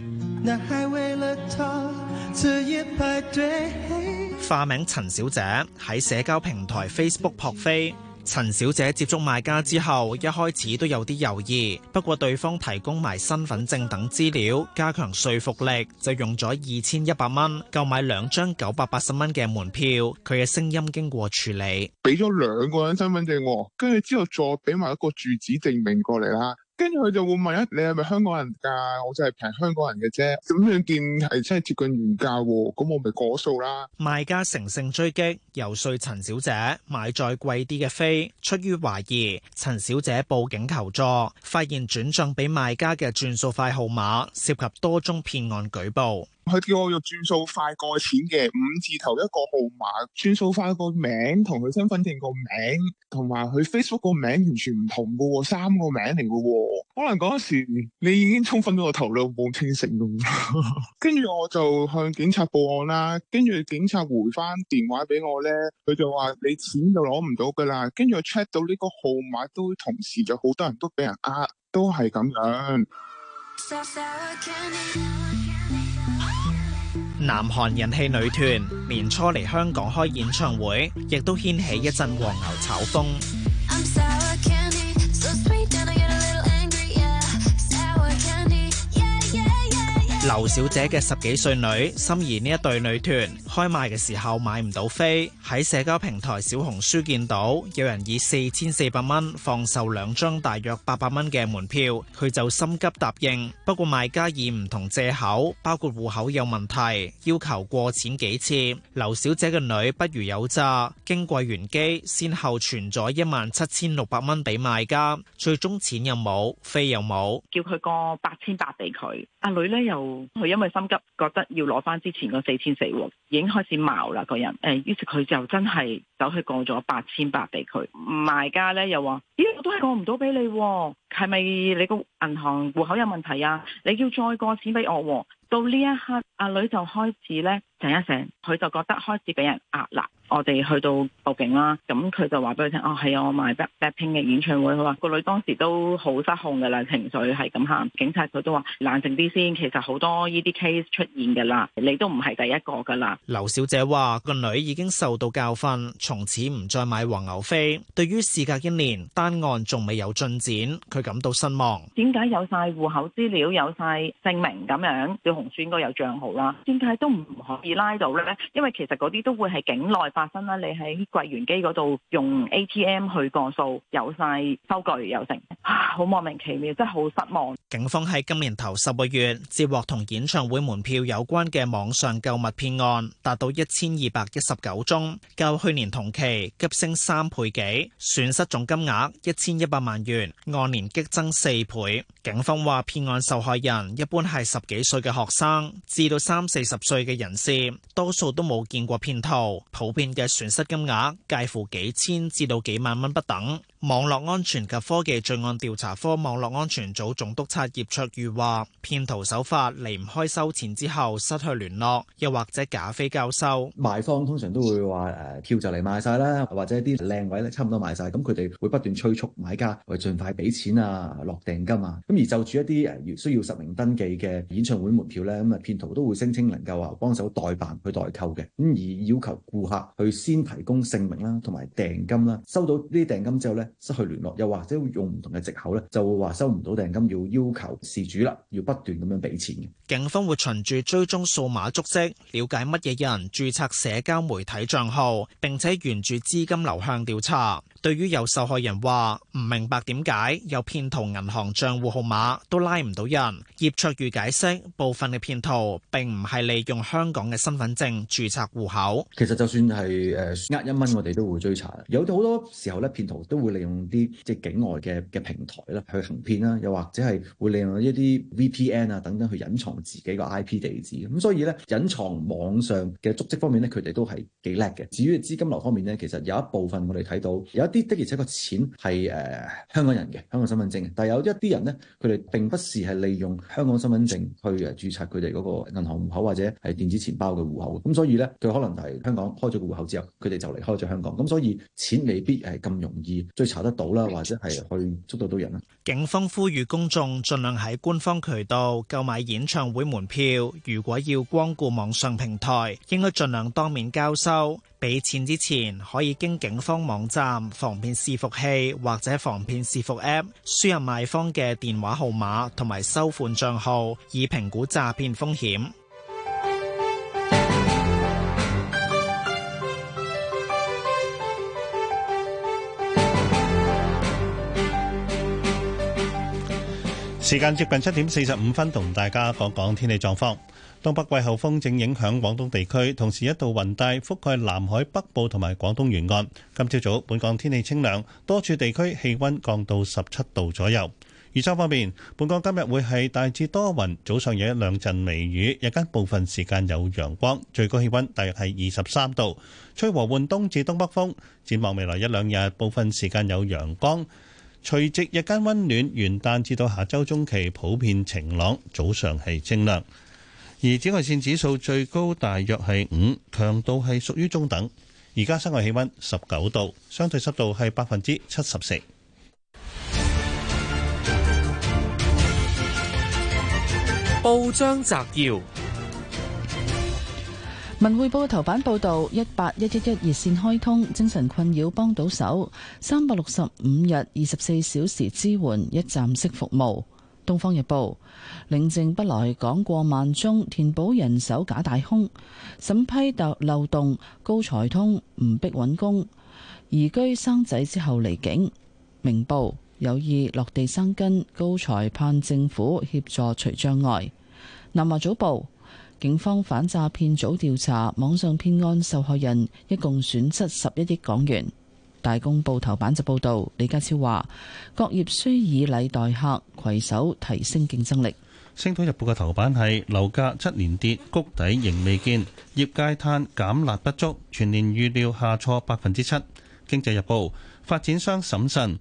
化名陳小姐喺社交平台 Facebook 撲飛。陳小姐接觸賣家之後，一開始都有啲猶豫，不過對方提供埋身份證等資料，加強說服力，就用咗二千一百蚊購買兩張九百八十蚊嘅門票。佢嘅聲音經過處理，俾咗兩個人身份證喎，跟住之後再俾埋一個住址證明過嚟啦。跟住佢就會問啊，你係咪香港人噶？我就係平香港人嘅啫。咁樣見係真係接近原價喎，咁我咪過數啦。賣家乘勝追擊，遊說陳小姐買再貴啲嘅飛。出於懷疑，陳小姐報警求助，發現轉賬俾賣家嘅轉數快號碼涉及多宗騙案，舉報。佢叫我用轉數快過錢嘅五字頭一個號碼，轉數快個名同佢身份證個名同埋佢 Facebook 個名完全唔同㗎喎，三個名嚟㗎喎。可能嗰陣時你已經充分到個頭腦冇清醒㗎。跟 住我就向警察報案啦，跟住警察回翻電話俾我咧，佢就話你錢就攞唔到㗎啦。跟住我 check 到呢個號碼都同時就好多人都俾人呃，都係咁樣。So, so 南韓人氣女團年初嚟香港開演唱會，亦都掀起一陣黃牛炒風。劉小姐嘅十幾歲女心儀呢一對女團開賣嘅時候買唔到飛，喺社交平台小紅書見到有人以四千四百蚊放售兩張大約八百蚊嘅門票，佢就心急答應。不過賣家以唔同借口，包括戶口有問題，要求過錢幾次。劉小姐嘅女不虞有詐，經櫃員機先後存咗一萬七千六百蚊俾賣家，最終錢又冇，飛又冇，叫佢個八千八俾佢。阿女呢又。佢因為心急，覺得要攞返之前嗰四千四，已經開始茂啦個人，誒、哎，於是佢就真係走去降咗八千八俾佢，賣家咧又話。咦、欸，我都係過唔到俾你、哦，係咪你個銀行戶口有問題啊？你要再過錢俾我、哦。到呢一刻，阿女就開始咧醒一醒，佢就覺得開始俾人呃啦、啊。我哋去到報警啦，咁佢就話俾佢聽，我、哦、係我買 BLACKPINK 嘅演唱會。佢話個女當時都好失控噶啦，情緒係咁喊。警察佢都話冷靜啲先。其實好多呢啲 case 出現噶啦，你都唔係第一個噶啦。劉小姐話個女已經受到教訓，從此唔再買黃牛飛。對於事隔一年，案仲未有進展，佢感到失望。點解有晒戶口資料，有晒證明咁樣？小紅書應該有賬號啦。點解都唔可以拉到咧？因為其實嗰啲都會係境內發生啦。你喺櫃員機嗰度用 ATM 去過數，有晒收據，有成。啊，好莫名其妙，真係好失望。警方喺今年頭十個月接獲同演唱會門票有關嘅網上購物騙案，達到一千二百一十九宗，較去年同期急升三倍幾，損失總金額。一千一百萬元，按年激增四倍。警方話，騙案受害人一般係十幾歲嘅學生，至到三四十歲嘅人士，多數都冇見過騙徒，普遍嘅損失金額介乎幾千至到幾萬蚊不等。網絡安全及科技罪案調查科網絡安全組總督察葉卓如話，騙徒手法離唔開收錢之後失去聯絡，又或者假飛交收。賣方通常都會話，誒，票就嚟賣晒啦，或者啲靚位咧，差唔多賣晒。咁佢哋會不斷催促買家去盡快俾錢啊，落訂金啊。咁而就住一啲誒需要實名登記嘅演唱會門票咧，咁啊騙徒都會聲稱能夠話幫手代辦去代購嘅，咁而要求顧客去先提供姓名啦，同埋訂金啦。收到呢啲訂金之後咧。失去聯絡，又或者會用唔同嘅藉口咧，就會話收唔到訂金，要要求事主啦，要不斷咁樣俾錢。警方會循住追蹤數碼足跡，了解乜嘢人註冊社交媒體帳號，並且沿住資金流向調查。對於有受害人話唔明白點解有騙徒銀行帳戶號碼都拉唔到人，葉卓宇解釋：部分嘅騙徒並唔係利用香港嘅身份證註冊戶口。其實就算係呃一蚊，我哋都會追查。有好多時候咧，騙徒都會利用啲即係境外嘅嘅平台啦去行騙啦，又或者係會利用一啲 VPN 啊等等去隱藏自己個 IP 地址。咁、嗯、所以咧，隱藏網上嘅足跡方面咧，佢哋都係幾叻嘅。至於資金流方面咧，其實有一部分我哋睇到啲的而且個錢係誒，香港人嘅香港身份證，但係有一啲人呢，佢哋並不是係利用香港身份證去誒，註冊佢哋嗰個銀行戶口或者係電子錢包嘅戶口，咁所以呢，佢可能係香港開咗個戶口之後，佢哋就離開咗香港，咁所以錢未必係咁容易追查得到啦，或者係去捉到到人咧。警方呼籲公眾盡量喺官方渠道購買演唱會門票，如果要光顧網上平台，應該盡量當面交收。俾錢之前，可以經警方網站、防騙視伏器或者防騙視伏 App 輸入賣方嘅電話號碼同埋收款賬號，以評估詐騙風險。時間接近七點四十五分，同大家講講天氣狀況。東北季候風正影響廣東地區，同時一道雲帶覆蓋南海北部同埋廣東沿岸。今朝早本港天氣清涼，多處地區氣溫降到十七度左右。預測方面，本港今日會係大致多雲，早上有一兩陣微雨，日間部分時間有陽光，最高氣溫大約係二十三度，吹和緩東至東北風。展望未來一兩日，部分時間有陽光，隨即日間溫暖。元旦至到下周中期，普遍晴朗，早上係清涼。而紫外線指數最高大約係五，強度係屬於中等。而家室外氣溫十九度，相對濕度係百分之七十四。報章摘要：《文匯報》頭版報道，一八一一一熱線開通，精神困擾幫到手，三百六十五日二十四小時支援一站式服務。《東方日報》領證不來港過萬宗，填補人手假大空；審批斗漏洞，高才通唔逼揾工。移居生仔之後離境，明報有意落地生根，高才盼政府協助除障礙。南華早報：警方反詐騙組調查網上騙案，受害人一共損失十一億港元。大公報頭版就報道，李家超話：各業需以禮待客，攜手提升競爭力。星島日報嘅頭版係樓價七年跌谷底仍未見，業界嘆減辣不足，全年預料下挫百分之七。經濟日報發展商審慎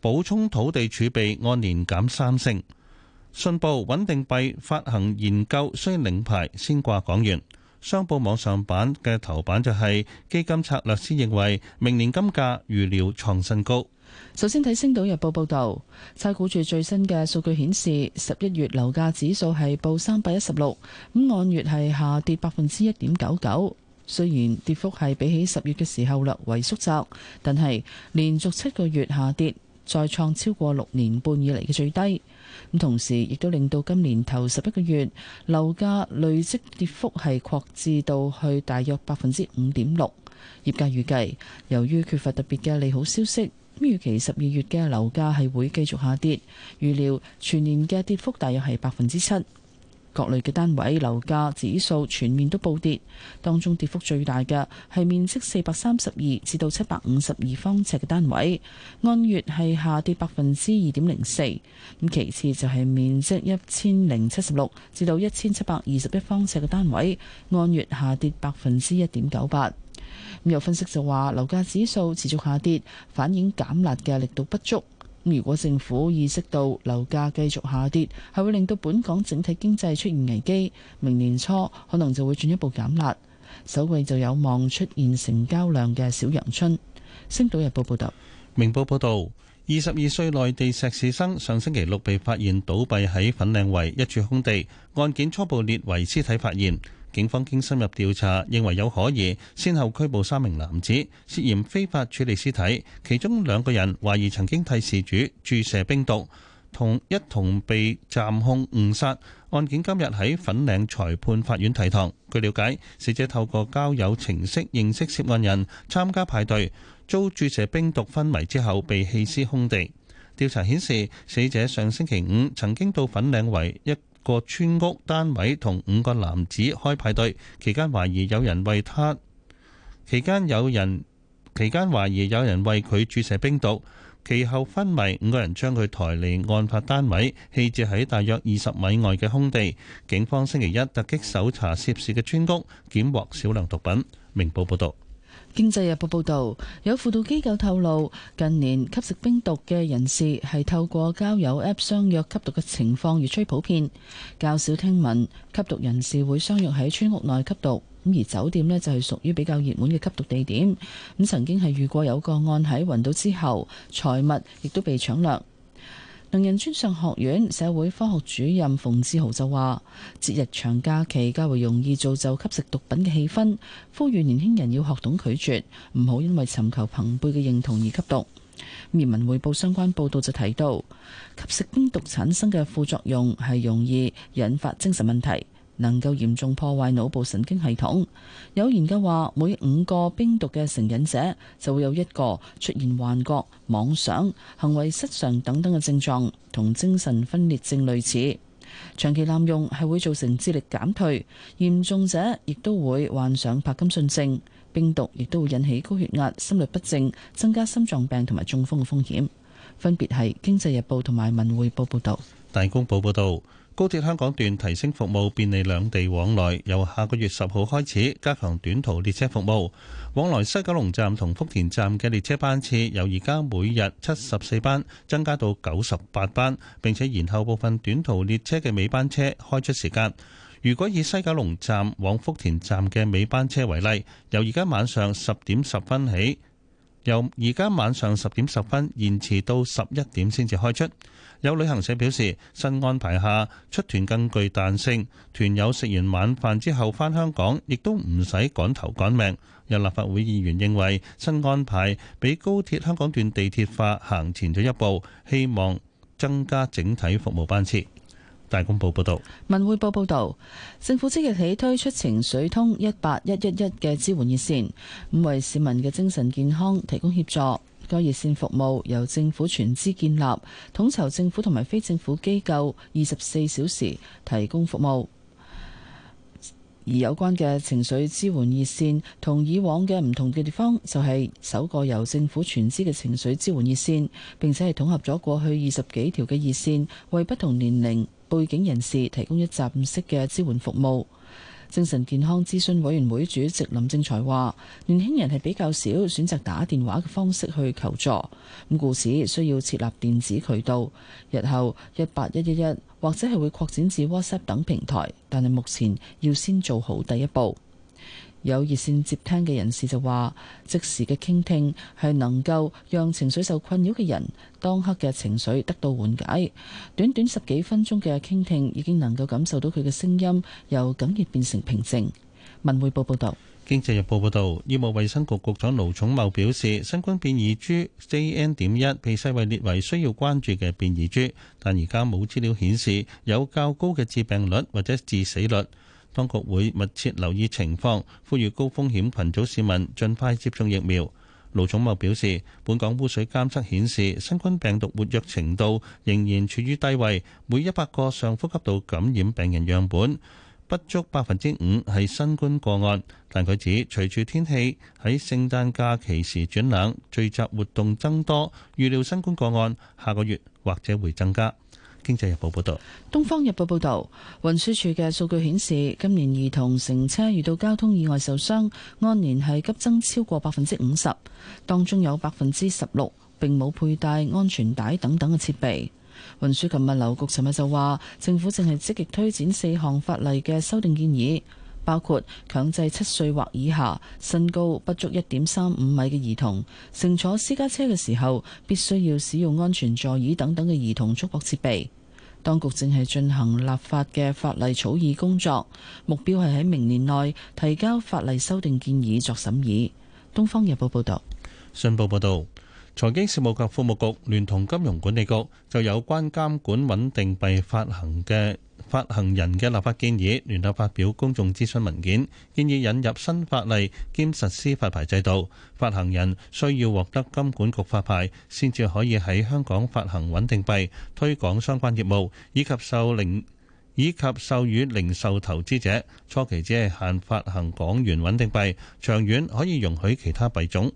補充土地儲備，按年減三成。信報穩定幣發行研究需領牌先掛港元。商報網上版嘅頭版就係基金策略師認為明年金價預料創新高。首先睇《星島日報》報導報道，差估處最新嘅數據顯示，十一月樓價指數係報三百一十六，咁按月係下跌百分之一點九九。雖然跌幅係比起十月嘅時候略為縮窄，但係連續七個月下跌，再創超過六年半以嚟嘅最低。咁同時亦都令到今年頭十一個月樓價累積跌幅係擴至到去大約百分之五點六。業界預計，由於缺乏特別嘅利好消息，咁預期十二月嘅樓價係會繼續下跌，預料全年嘅跌幅大約係百分之七。各類嘅單位樓價指數全面都暴跌，當中跌幅最大嘅係面積四百三十二至到七百五十二方尺嘅單位，按月係下跌百分之二點零四。咁其次就係面積一千零七十六至到一千七百二十一方尺嘅單位，按月下跌百分之一點九八。咁有分析就話，樓價指數持續下跌，反映減辣嘅力度不足。如果政府意識到樓價繼續下跌，係會令到本港整體經濟出現危機，明年初可能就會進一步減辣。首位就有望出現成交量嘅小陽春。星島日報報道：「明報報道，二十二歲內地碩士生上星期六被發現倒閉喺粉嶺圍一處空地，案件初步列為屍體發現。警方經深入調查，認為有可疑，先後拘捕三名男子涉嫌非法處理屍體，其中兩個人懷疑曾經替事主注射冰毒，同一同被暫控誤殺。案件今日喺粉嶺裁判法院提堂。據了解，死者透過交友程式認識涉案人，參加派對，遭注射冰毒昏迷之後被棄屍空地。調查顯示，死者上星期五曾經到粉嶺為一個村屋單位同五個男子開派對，期間懷疑有人為他期間有人期間懷疑有人為佢注射冰毒，其後昏迷，五個人將佢抬離案發單位，棄置喺大約二十米外嘅空地。警方星期一突擊搜查涉事嘅村屋，檢獲少量毒品。明報報道。經濟日報報道，有輔導機構透露，近年吸食冰毒嘅人士係透過交友 App 相約吸毒嘅情況越趨普遍，較少聽聞吸毒人士會相約喺村屋內吸毒。咁而酒店呢就係屬於比較熱門嘅吸毒地點。咁曾經係遇過有個案喺暈倒之後，財物亦都被搶掠。名人專上學院社會科學主任馮志豪就話：節日長假期較為容易造就吸食毒品嘅氣氛，呼籲年輕人要學懂拒絕，唔好因為尋求朋輩嘅認同而吸毒。《明文》匯報相關報導就提到，吸食冰毒產生嘅副作用係容易引發精神問題。能夠嚴重破壞腦部神經系統。有研究話，每五個冰毒嘅成癮者就會有一個出現幻覺、妄想、行為失常等等嘅症狀，同精神分裂症類似。長期濫用係會造成智力減退，嚴重者亦都會患上柏金遜症。冰毒亦都會引起高血壓、心律不正，增加心臟病同埋中風嘅風險。分別係《經濟日報》同埋《文匯報》報道，《大公報》報道。高鐵香港段提升服務，便利兩地往來。由下個月十號開始，加強短途列車服務。往來西九龍站同福田站嘅列車班次，由而家每日七十四班增加到九十八班，並且延後部分短途列車嘅尾班車開出時間。如果以西九龍站往福田站嘅尾班車為例，由而家晚上十點十分起，由而家晚上十點十分延遲到十一點先至開出。有旅行社表示，新安排下出團更具彈性，團友食完晚飯之後翻香港，亦都唔使趕頭趕命。有立法會議員認為，新安排比高鐵香港段地鐵化行前咗一步，希望增加整體服務班次。大公報報道，文匯報報道，政府即日起推出情緒通一八一一一嘅支援熱線，咁為市民嘅精神健康提供協助。該熱線服務由政府全資建立，統籌政府同埋非政府機構，二十四小時提供服務。而有關嘅情緒支援熱線同以往嘅唔同嘅地方，就係首個由政府全資嘅情緒支援熱線，並且係統合咗過去二十幾條嘅熱線，為不同年齡、背景人士提供一站式嘅支援服務。精神健康諮詢委員會主席林正才話，年輕人係比較少選擇打電話嘅方式去求助，咁故此需要設立電子渠道。日後一八一一一或者係會擴展至 WhatsApp 等平台，但係目前要先做好第一步。有熱線接聽嘅人士就話：即時嘅傾聽係能夠讓情緒受困擾嘅人當刻嘅情緒得到緩解。短短十幾分鐘嘅傾聽已經能夠感受到佢嘅聲音由緊熱變成平靜。文匯報報道：經濟日報報道，醫務衛生局局長盧寵茂表示，新冠變異株 JN 點一被世衞列為需要關注嘅變異株，但而家冇資料顯示有較高嘅致病率或者致死率。當局會密切留意情況，呼籲高風險群組市民盡快接種疫苗。盧寵茂表示，本港污水監測顯示，新冠病毒活躍程度仍然處於低位，每一百個上呼吸道感染病人樣本不足百分之五係新冠個案。但佢指隨，隨住天氣喺聖誕假期時轉冷，聚集活動增多，預料新冠個案下個月或者會增加。經濟日報報道，東方日報報道，運輸署嘅數據顯示，今年兒童乘車遇到交通意外受傷，按年係急增超過百分之五十，當中有百分之十六並冇佩戴安全帶等等嘅設備。運輸及物流局尋日就話，政府正係積極推展四項法例嘅修訂建議。包括強制七歲或以下、身高不足一點三五米嘅兒童乘坐私家車嘅時候，必須要使用安全座椅等等嘅兒童束縛設備。當局正係進行立法嘅法例草擬工作，目標係喺明年內提交法例修訂建議作審議。《東方日報》報道，《信報》報道。財經事務及庫務局聯同金融管理局就有關監管穩定幣發行嘅發行人嘅立法建議，聯合發表公眾諮詢文件，建議引入新法例兼實施發牌制度。發行人需要獲得金管局發牌，先至可以喺香港發行穩定幣、推廣相關業務，以及售零以及授予零售投資者。初期只係限發行港元穩定幣，長遠可以容許其他幣種。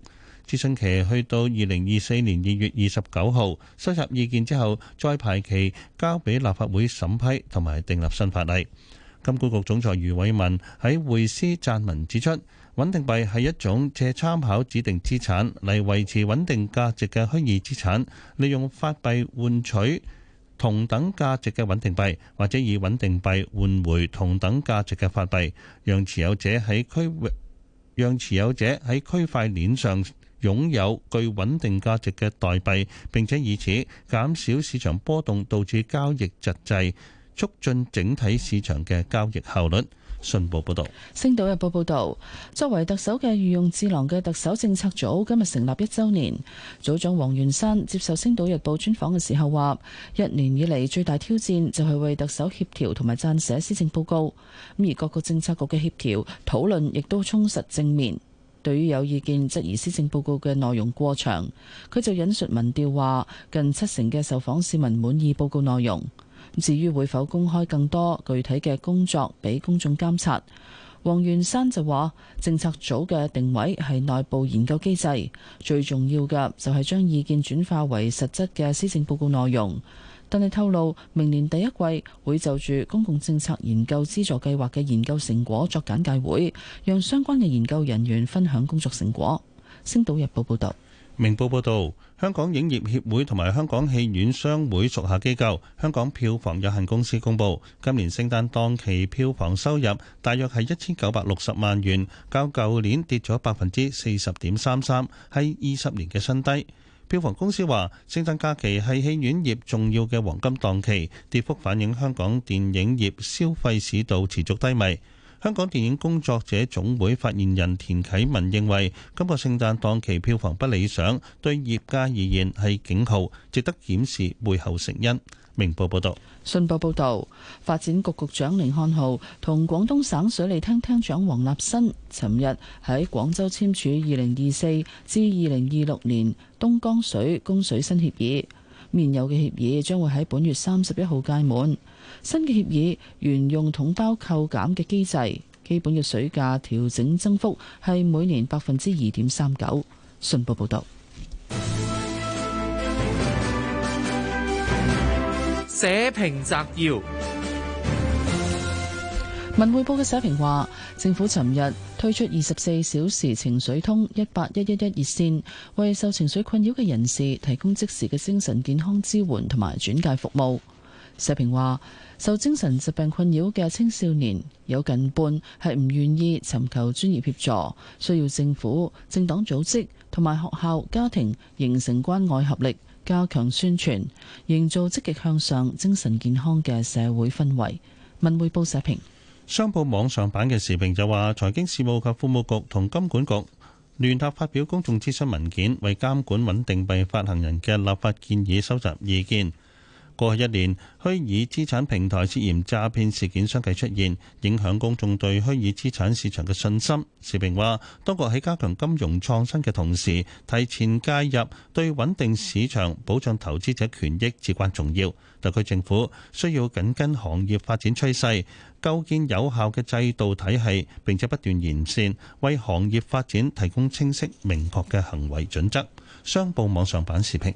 諮詢期去到二零二四年二月二十九號，收集意見之後再排期交俾立法會審批，同埋訂立新法例。金管局總裁余偉文喺匯思撰文指出，穩定幣係一種借參考指定資產嚟維持穩定價值嘅虛擬資產，利用法幣換取同等價值嘅穩定幣或者以穩定幣換回同等價值嘅法幣，讓持有者喺區域，讓持有者喺區塊鏈上。擁有具穩定價值嘅代幣，並且以此減少市場波動導致交易窒滯，促進整體市場嘅交易效率。信報報導，《星島日報》報導，作為特首嘅御用智囊嘅特首政策組今日成立一週年，組長黃元山接受《星島日報》專訪嘅時候話，一年以嚟最大挑戰就係為特首協調同埋撰寫施政報告，而各個政策局嘅協調討論亦都充實正面。對於有意見質疑施政報告嘅內容過長，佢就引述民調話近七成嘅受訪市民滿意報告內容。至於會否公開更多具體嘅工作俾公眾監察，黃元山就話政策組嘅定位係內部研究機制，最重要嘅就係將意見轉化為實質嘅施政報告內容。但係透露，明年第一季會就住公共政策研究資助計劃嘅研究成果作簡介會，讓相關嘅研究人員分享工作成果。星島日報報導，明報報導，香港影業協會同埋香港戲院商會屬下機構香港票房有限公司公佈，今年聖誕檔期票房收入大約係一千九百六十萬元，較舊年跌咗百分之四十點三三，係二十年嘅新低。票房公司話聖誕假期係戲院業重要嘅黃金檔期，跌幅反映香港電影業消費市道持續低迷。香港電影工作者總會發言人田啟文認為，今個聖誕檔期票房不理想，對業界而言係警號，值得檢視背後成因。明報報道，信報報道，發展局局長甯漢豪同廣東省水利廳廳長王立新尋日喺廣州簽署二零二四至二零二六年東江水供水新協議，現有嘅協議將會喺本月三十一號屆滿，新嘅協議沿用統包扣減嘅機制，基本嘅水價調整增幅係每年百分之二點三九。信報報道。社評摘要：文匯報嘅社評話，政府尋日推出二十四小時情緒通一八一一一熱線，為受情緒困擾嘅人士提供即時嘅精神健康支援同埋轉介服務。社評話，受精神疾病困擾嘅青少年有近半係唔願意尋求專業協助，需要政府、政黨組織同埋學校、家庭形成關愛合力。加強宣傳，營造積極向上、精神健康嘅社會氛圍。文匯報社評。商報網上版嘅時評就話，財經事務及庫務局同金管局聯合發表公眾諮詢文件，為監管穩定幣發行人嘅立法建議收集意見。過去一年，虛擬資產平台涉嫌詐騙事件相繼出現，影響公眾對虛擬資產市場嘅信心。市評話，當局喺加強金融創新嘅同時，提前介入對穩定市場、保障投資者權益至關重要。特區政府需要緊跟行業發展趨勢，構建有效嘅制度體系，並且不斷完善，為行業發展提供清晰明確嘅行為準則。商報網上版視頻，《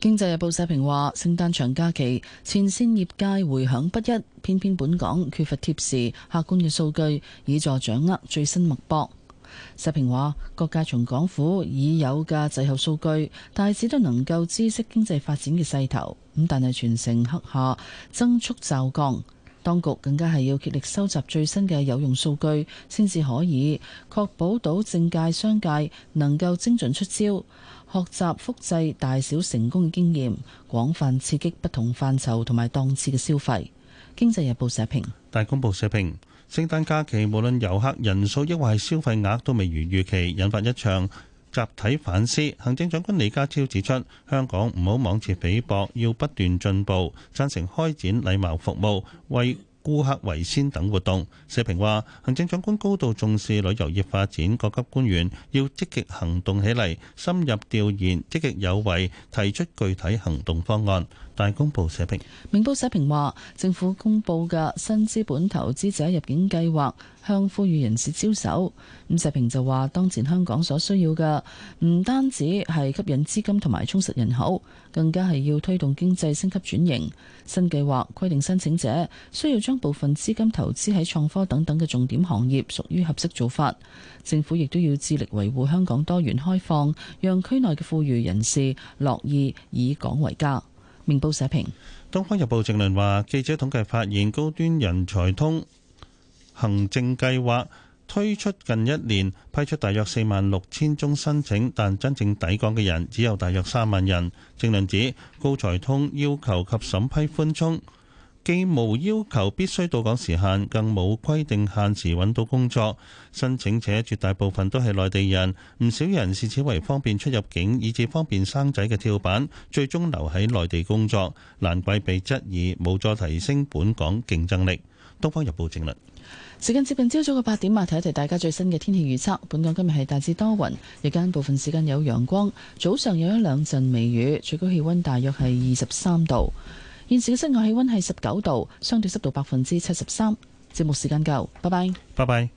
經濟日報》社評話：聖誕長假期前線業界回響不一，偏偏本港缺乏貼士、客觀嘅數據以助掌握最新脈搏。社評話各界從港府已有嘅滯後數據，大致都能夠知悉經濟發展嘅勢頭。咁但係全城黑下增速驟降，當局更加係要竭力收集最新嘅有用數據，先至可以確保到政界、商界能夠精準出招。學習複製大小成功嘅經驗，廣泛刺激不同範疇同埋檔次嘅消費。經濟日報社評，大公報社評，聖誕假期無論遊客人數，抑或係消費額都未如預期，引發一場集體反思。行政長官李家超指出，香港唔好妄自菲薄，要不斷進步，贊成開展禮貌服務，為顧客為先等活動，社評話行政長官高度重視旅遊業發展，各級官員要積極行動起嚟，深入調研，積極有為，提出具體行動方案。大公報社評，明報社評話，政府公布嘅新資本投資者入境計劃向富裕人士招手。咁社評就話，當前香港所需要嘅唔單止係吸引資金同埋充實人口，更加係要推動經濟升級轉型。新計劃規定申請者需要將部分資金投資喺創科等等嘅重點行業，屬於合適做法。政府亦都要致力維護香港多元開放，讓區內嘅富裕人士樂意以港為家。明報社評，《東方日報》正論話，記者統計發現，高端人才通行政計劃推出近一年，批出大約四萬六千宗申請，但真正抵港嘅人只有大約三萬人。正論指，高才通要求及審批寬鬆。既無要求必須到港時限，更冇規定限時揾到工作。申請者絕大部分都係內地人，唔少人視此為方便出入境，以至方便生仔嘅跳板，最終留喺內地工作，難怪被質疑，冇助提升本港競爭力。《東方日報》正論。時間接近朝早嘅八點啊，提一提大家最新嘅天氣預測。本港今日係大致多雲，日間部分時間有陽光，早上有一兩陣微雨，最高氣温大約係二十三度。現時嘅室外氣溫係十九度，相對濕度百分之七十三。節目時間夠，拜拜，拜拜。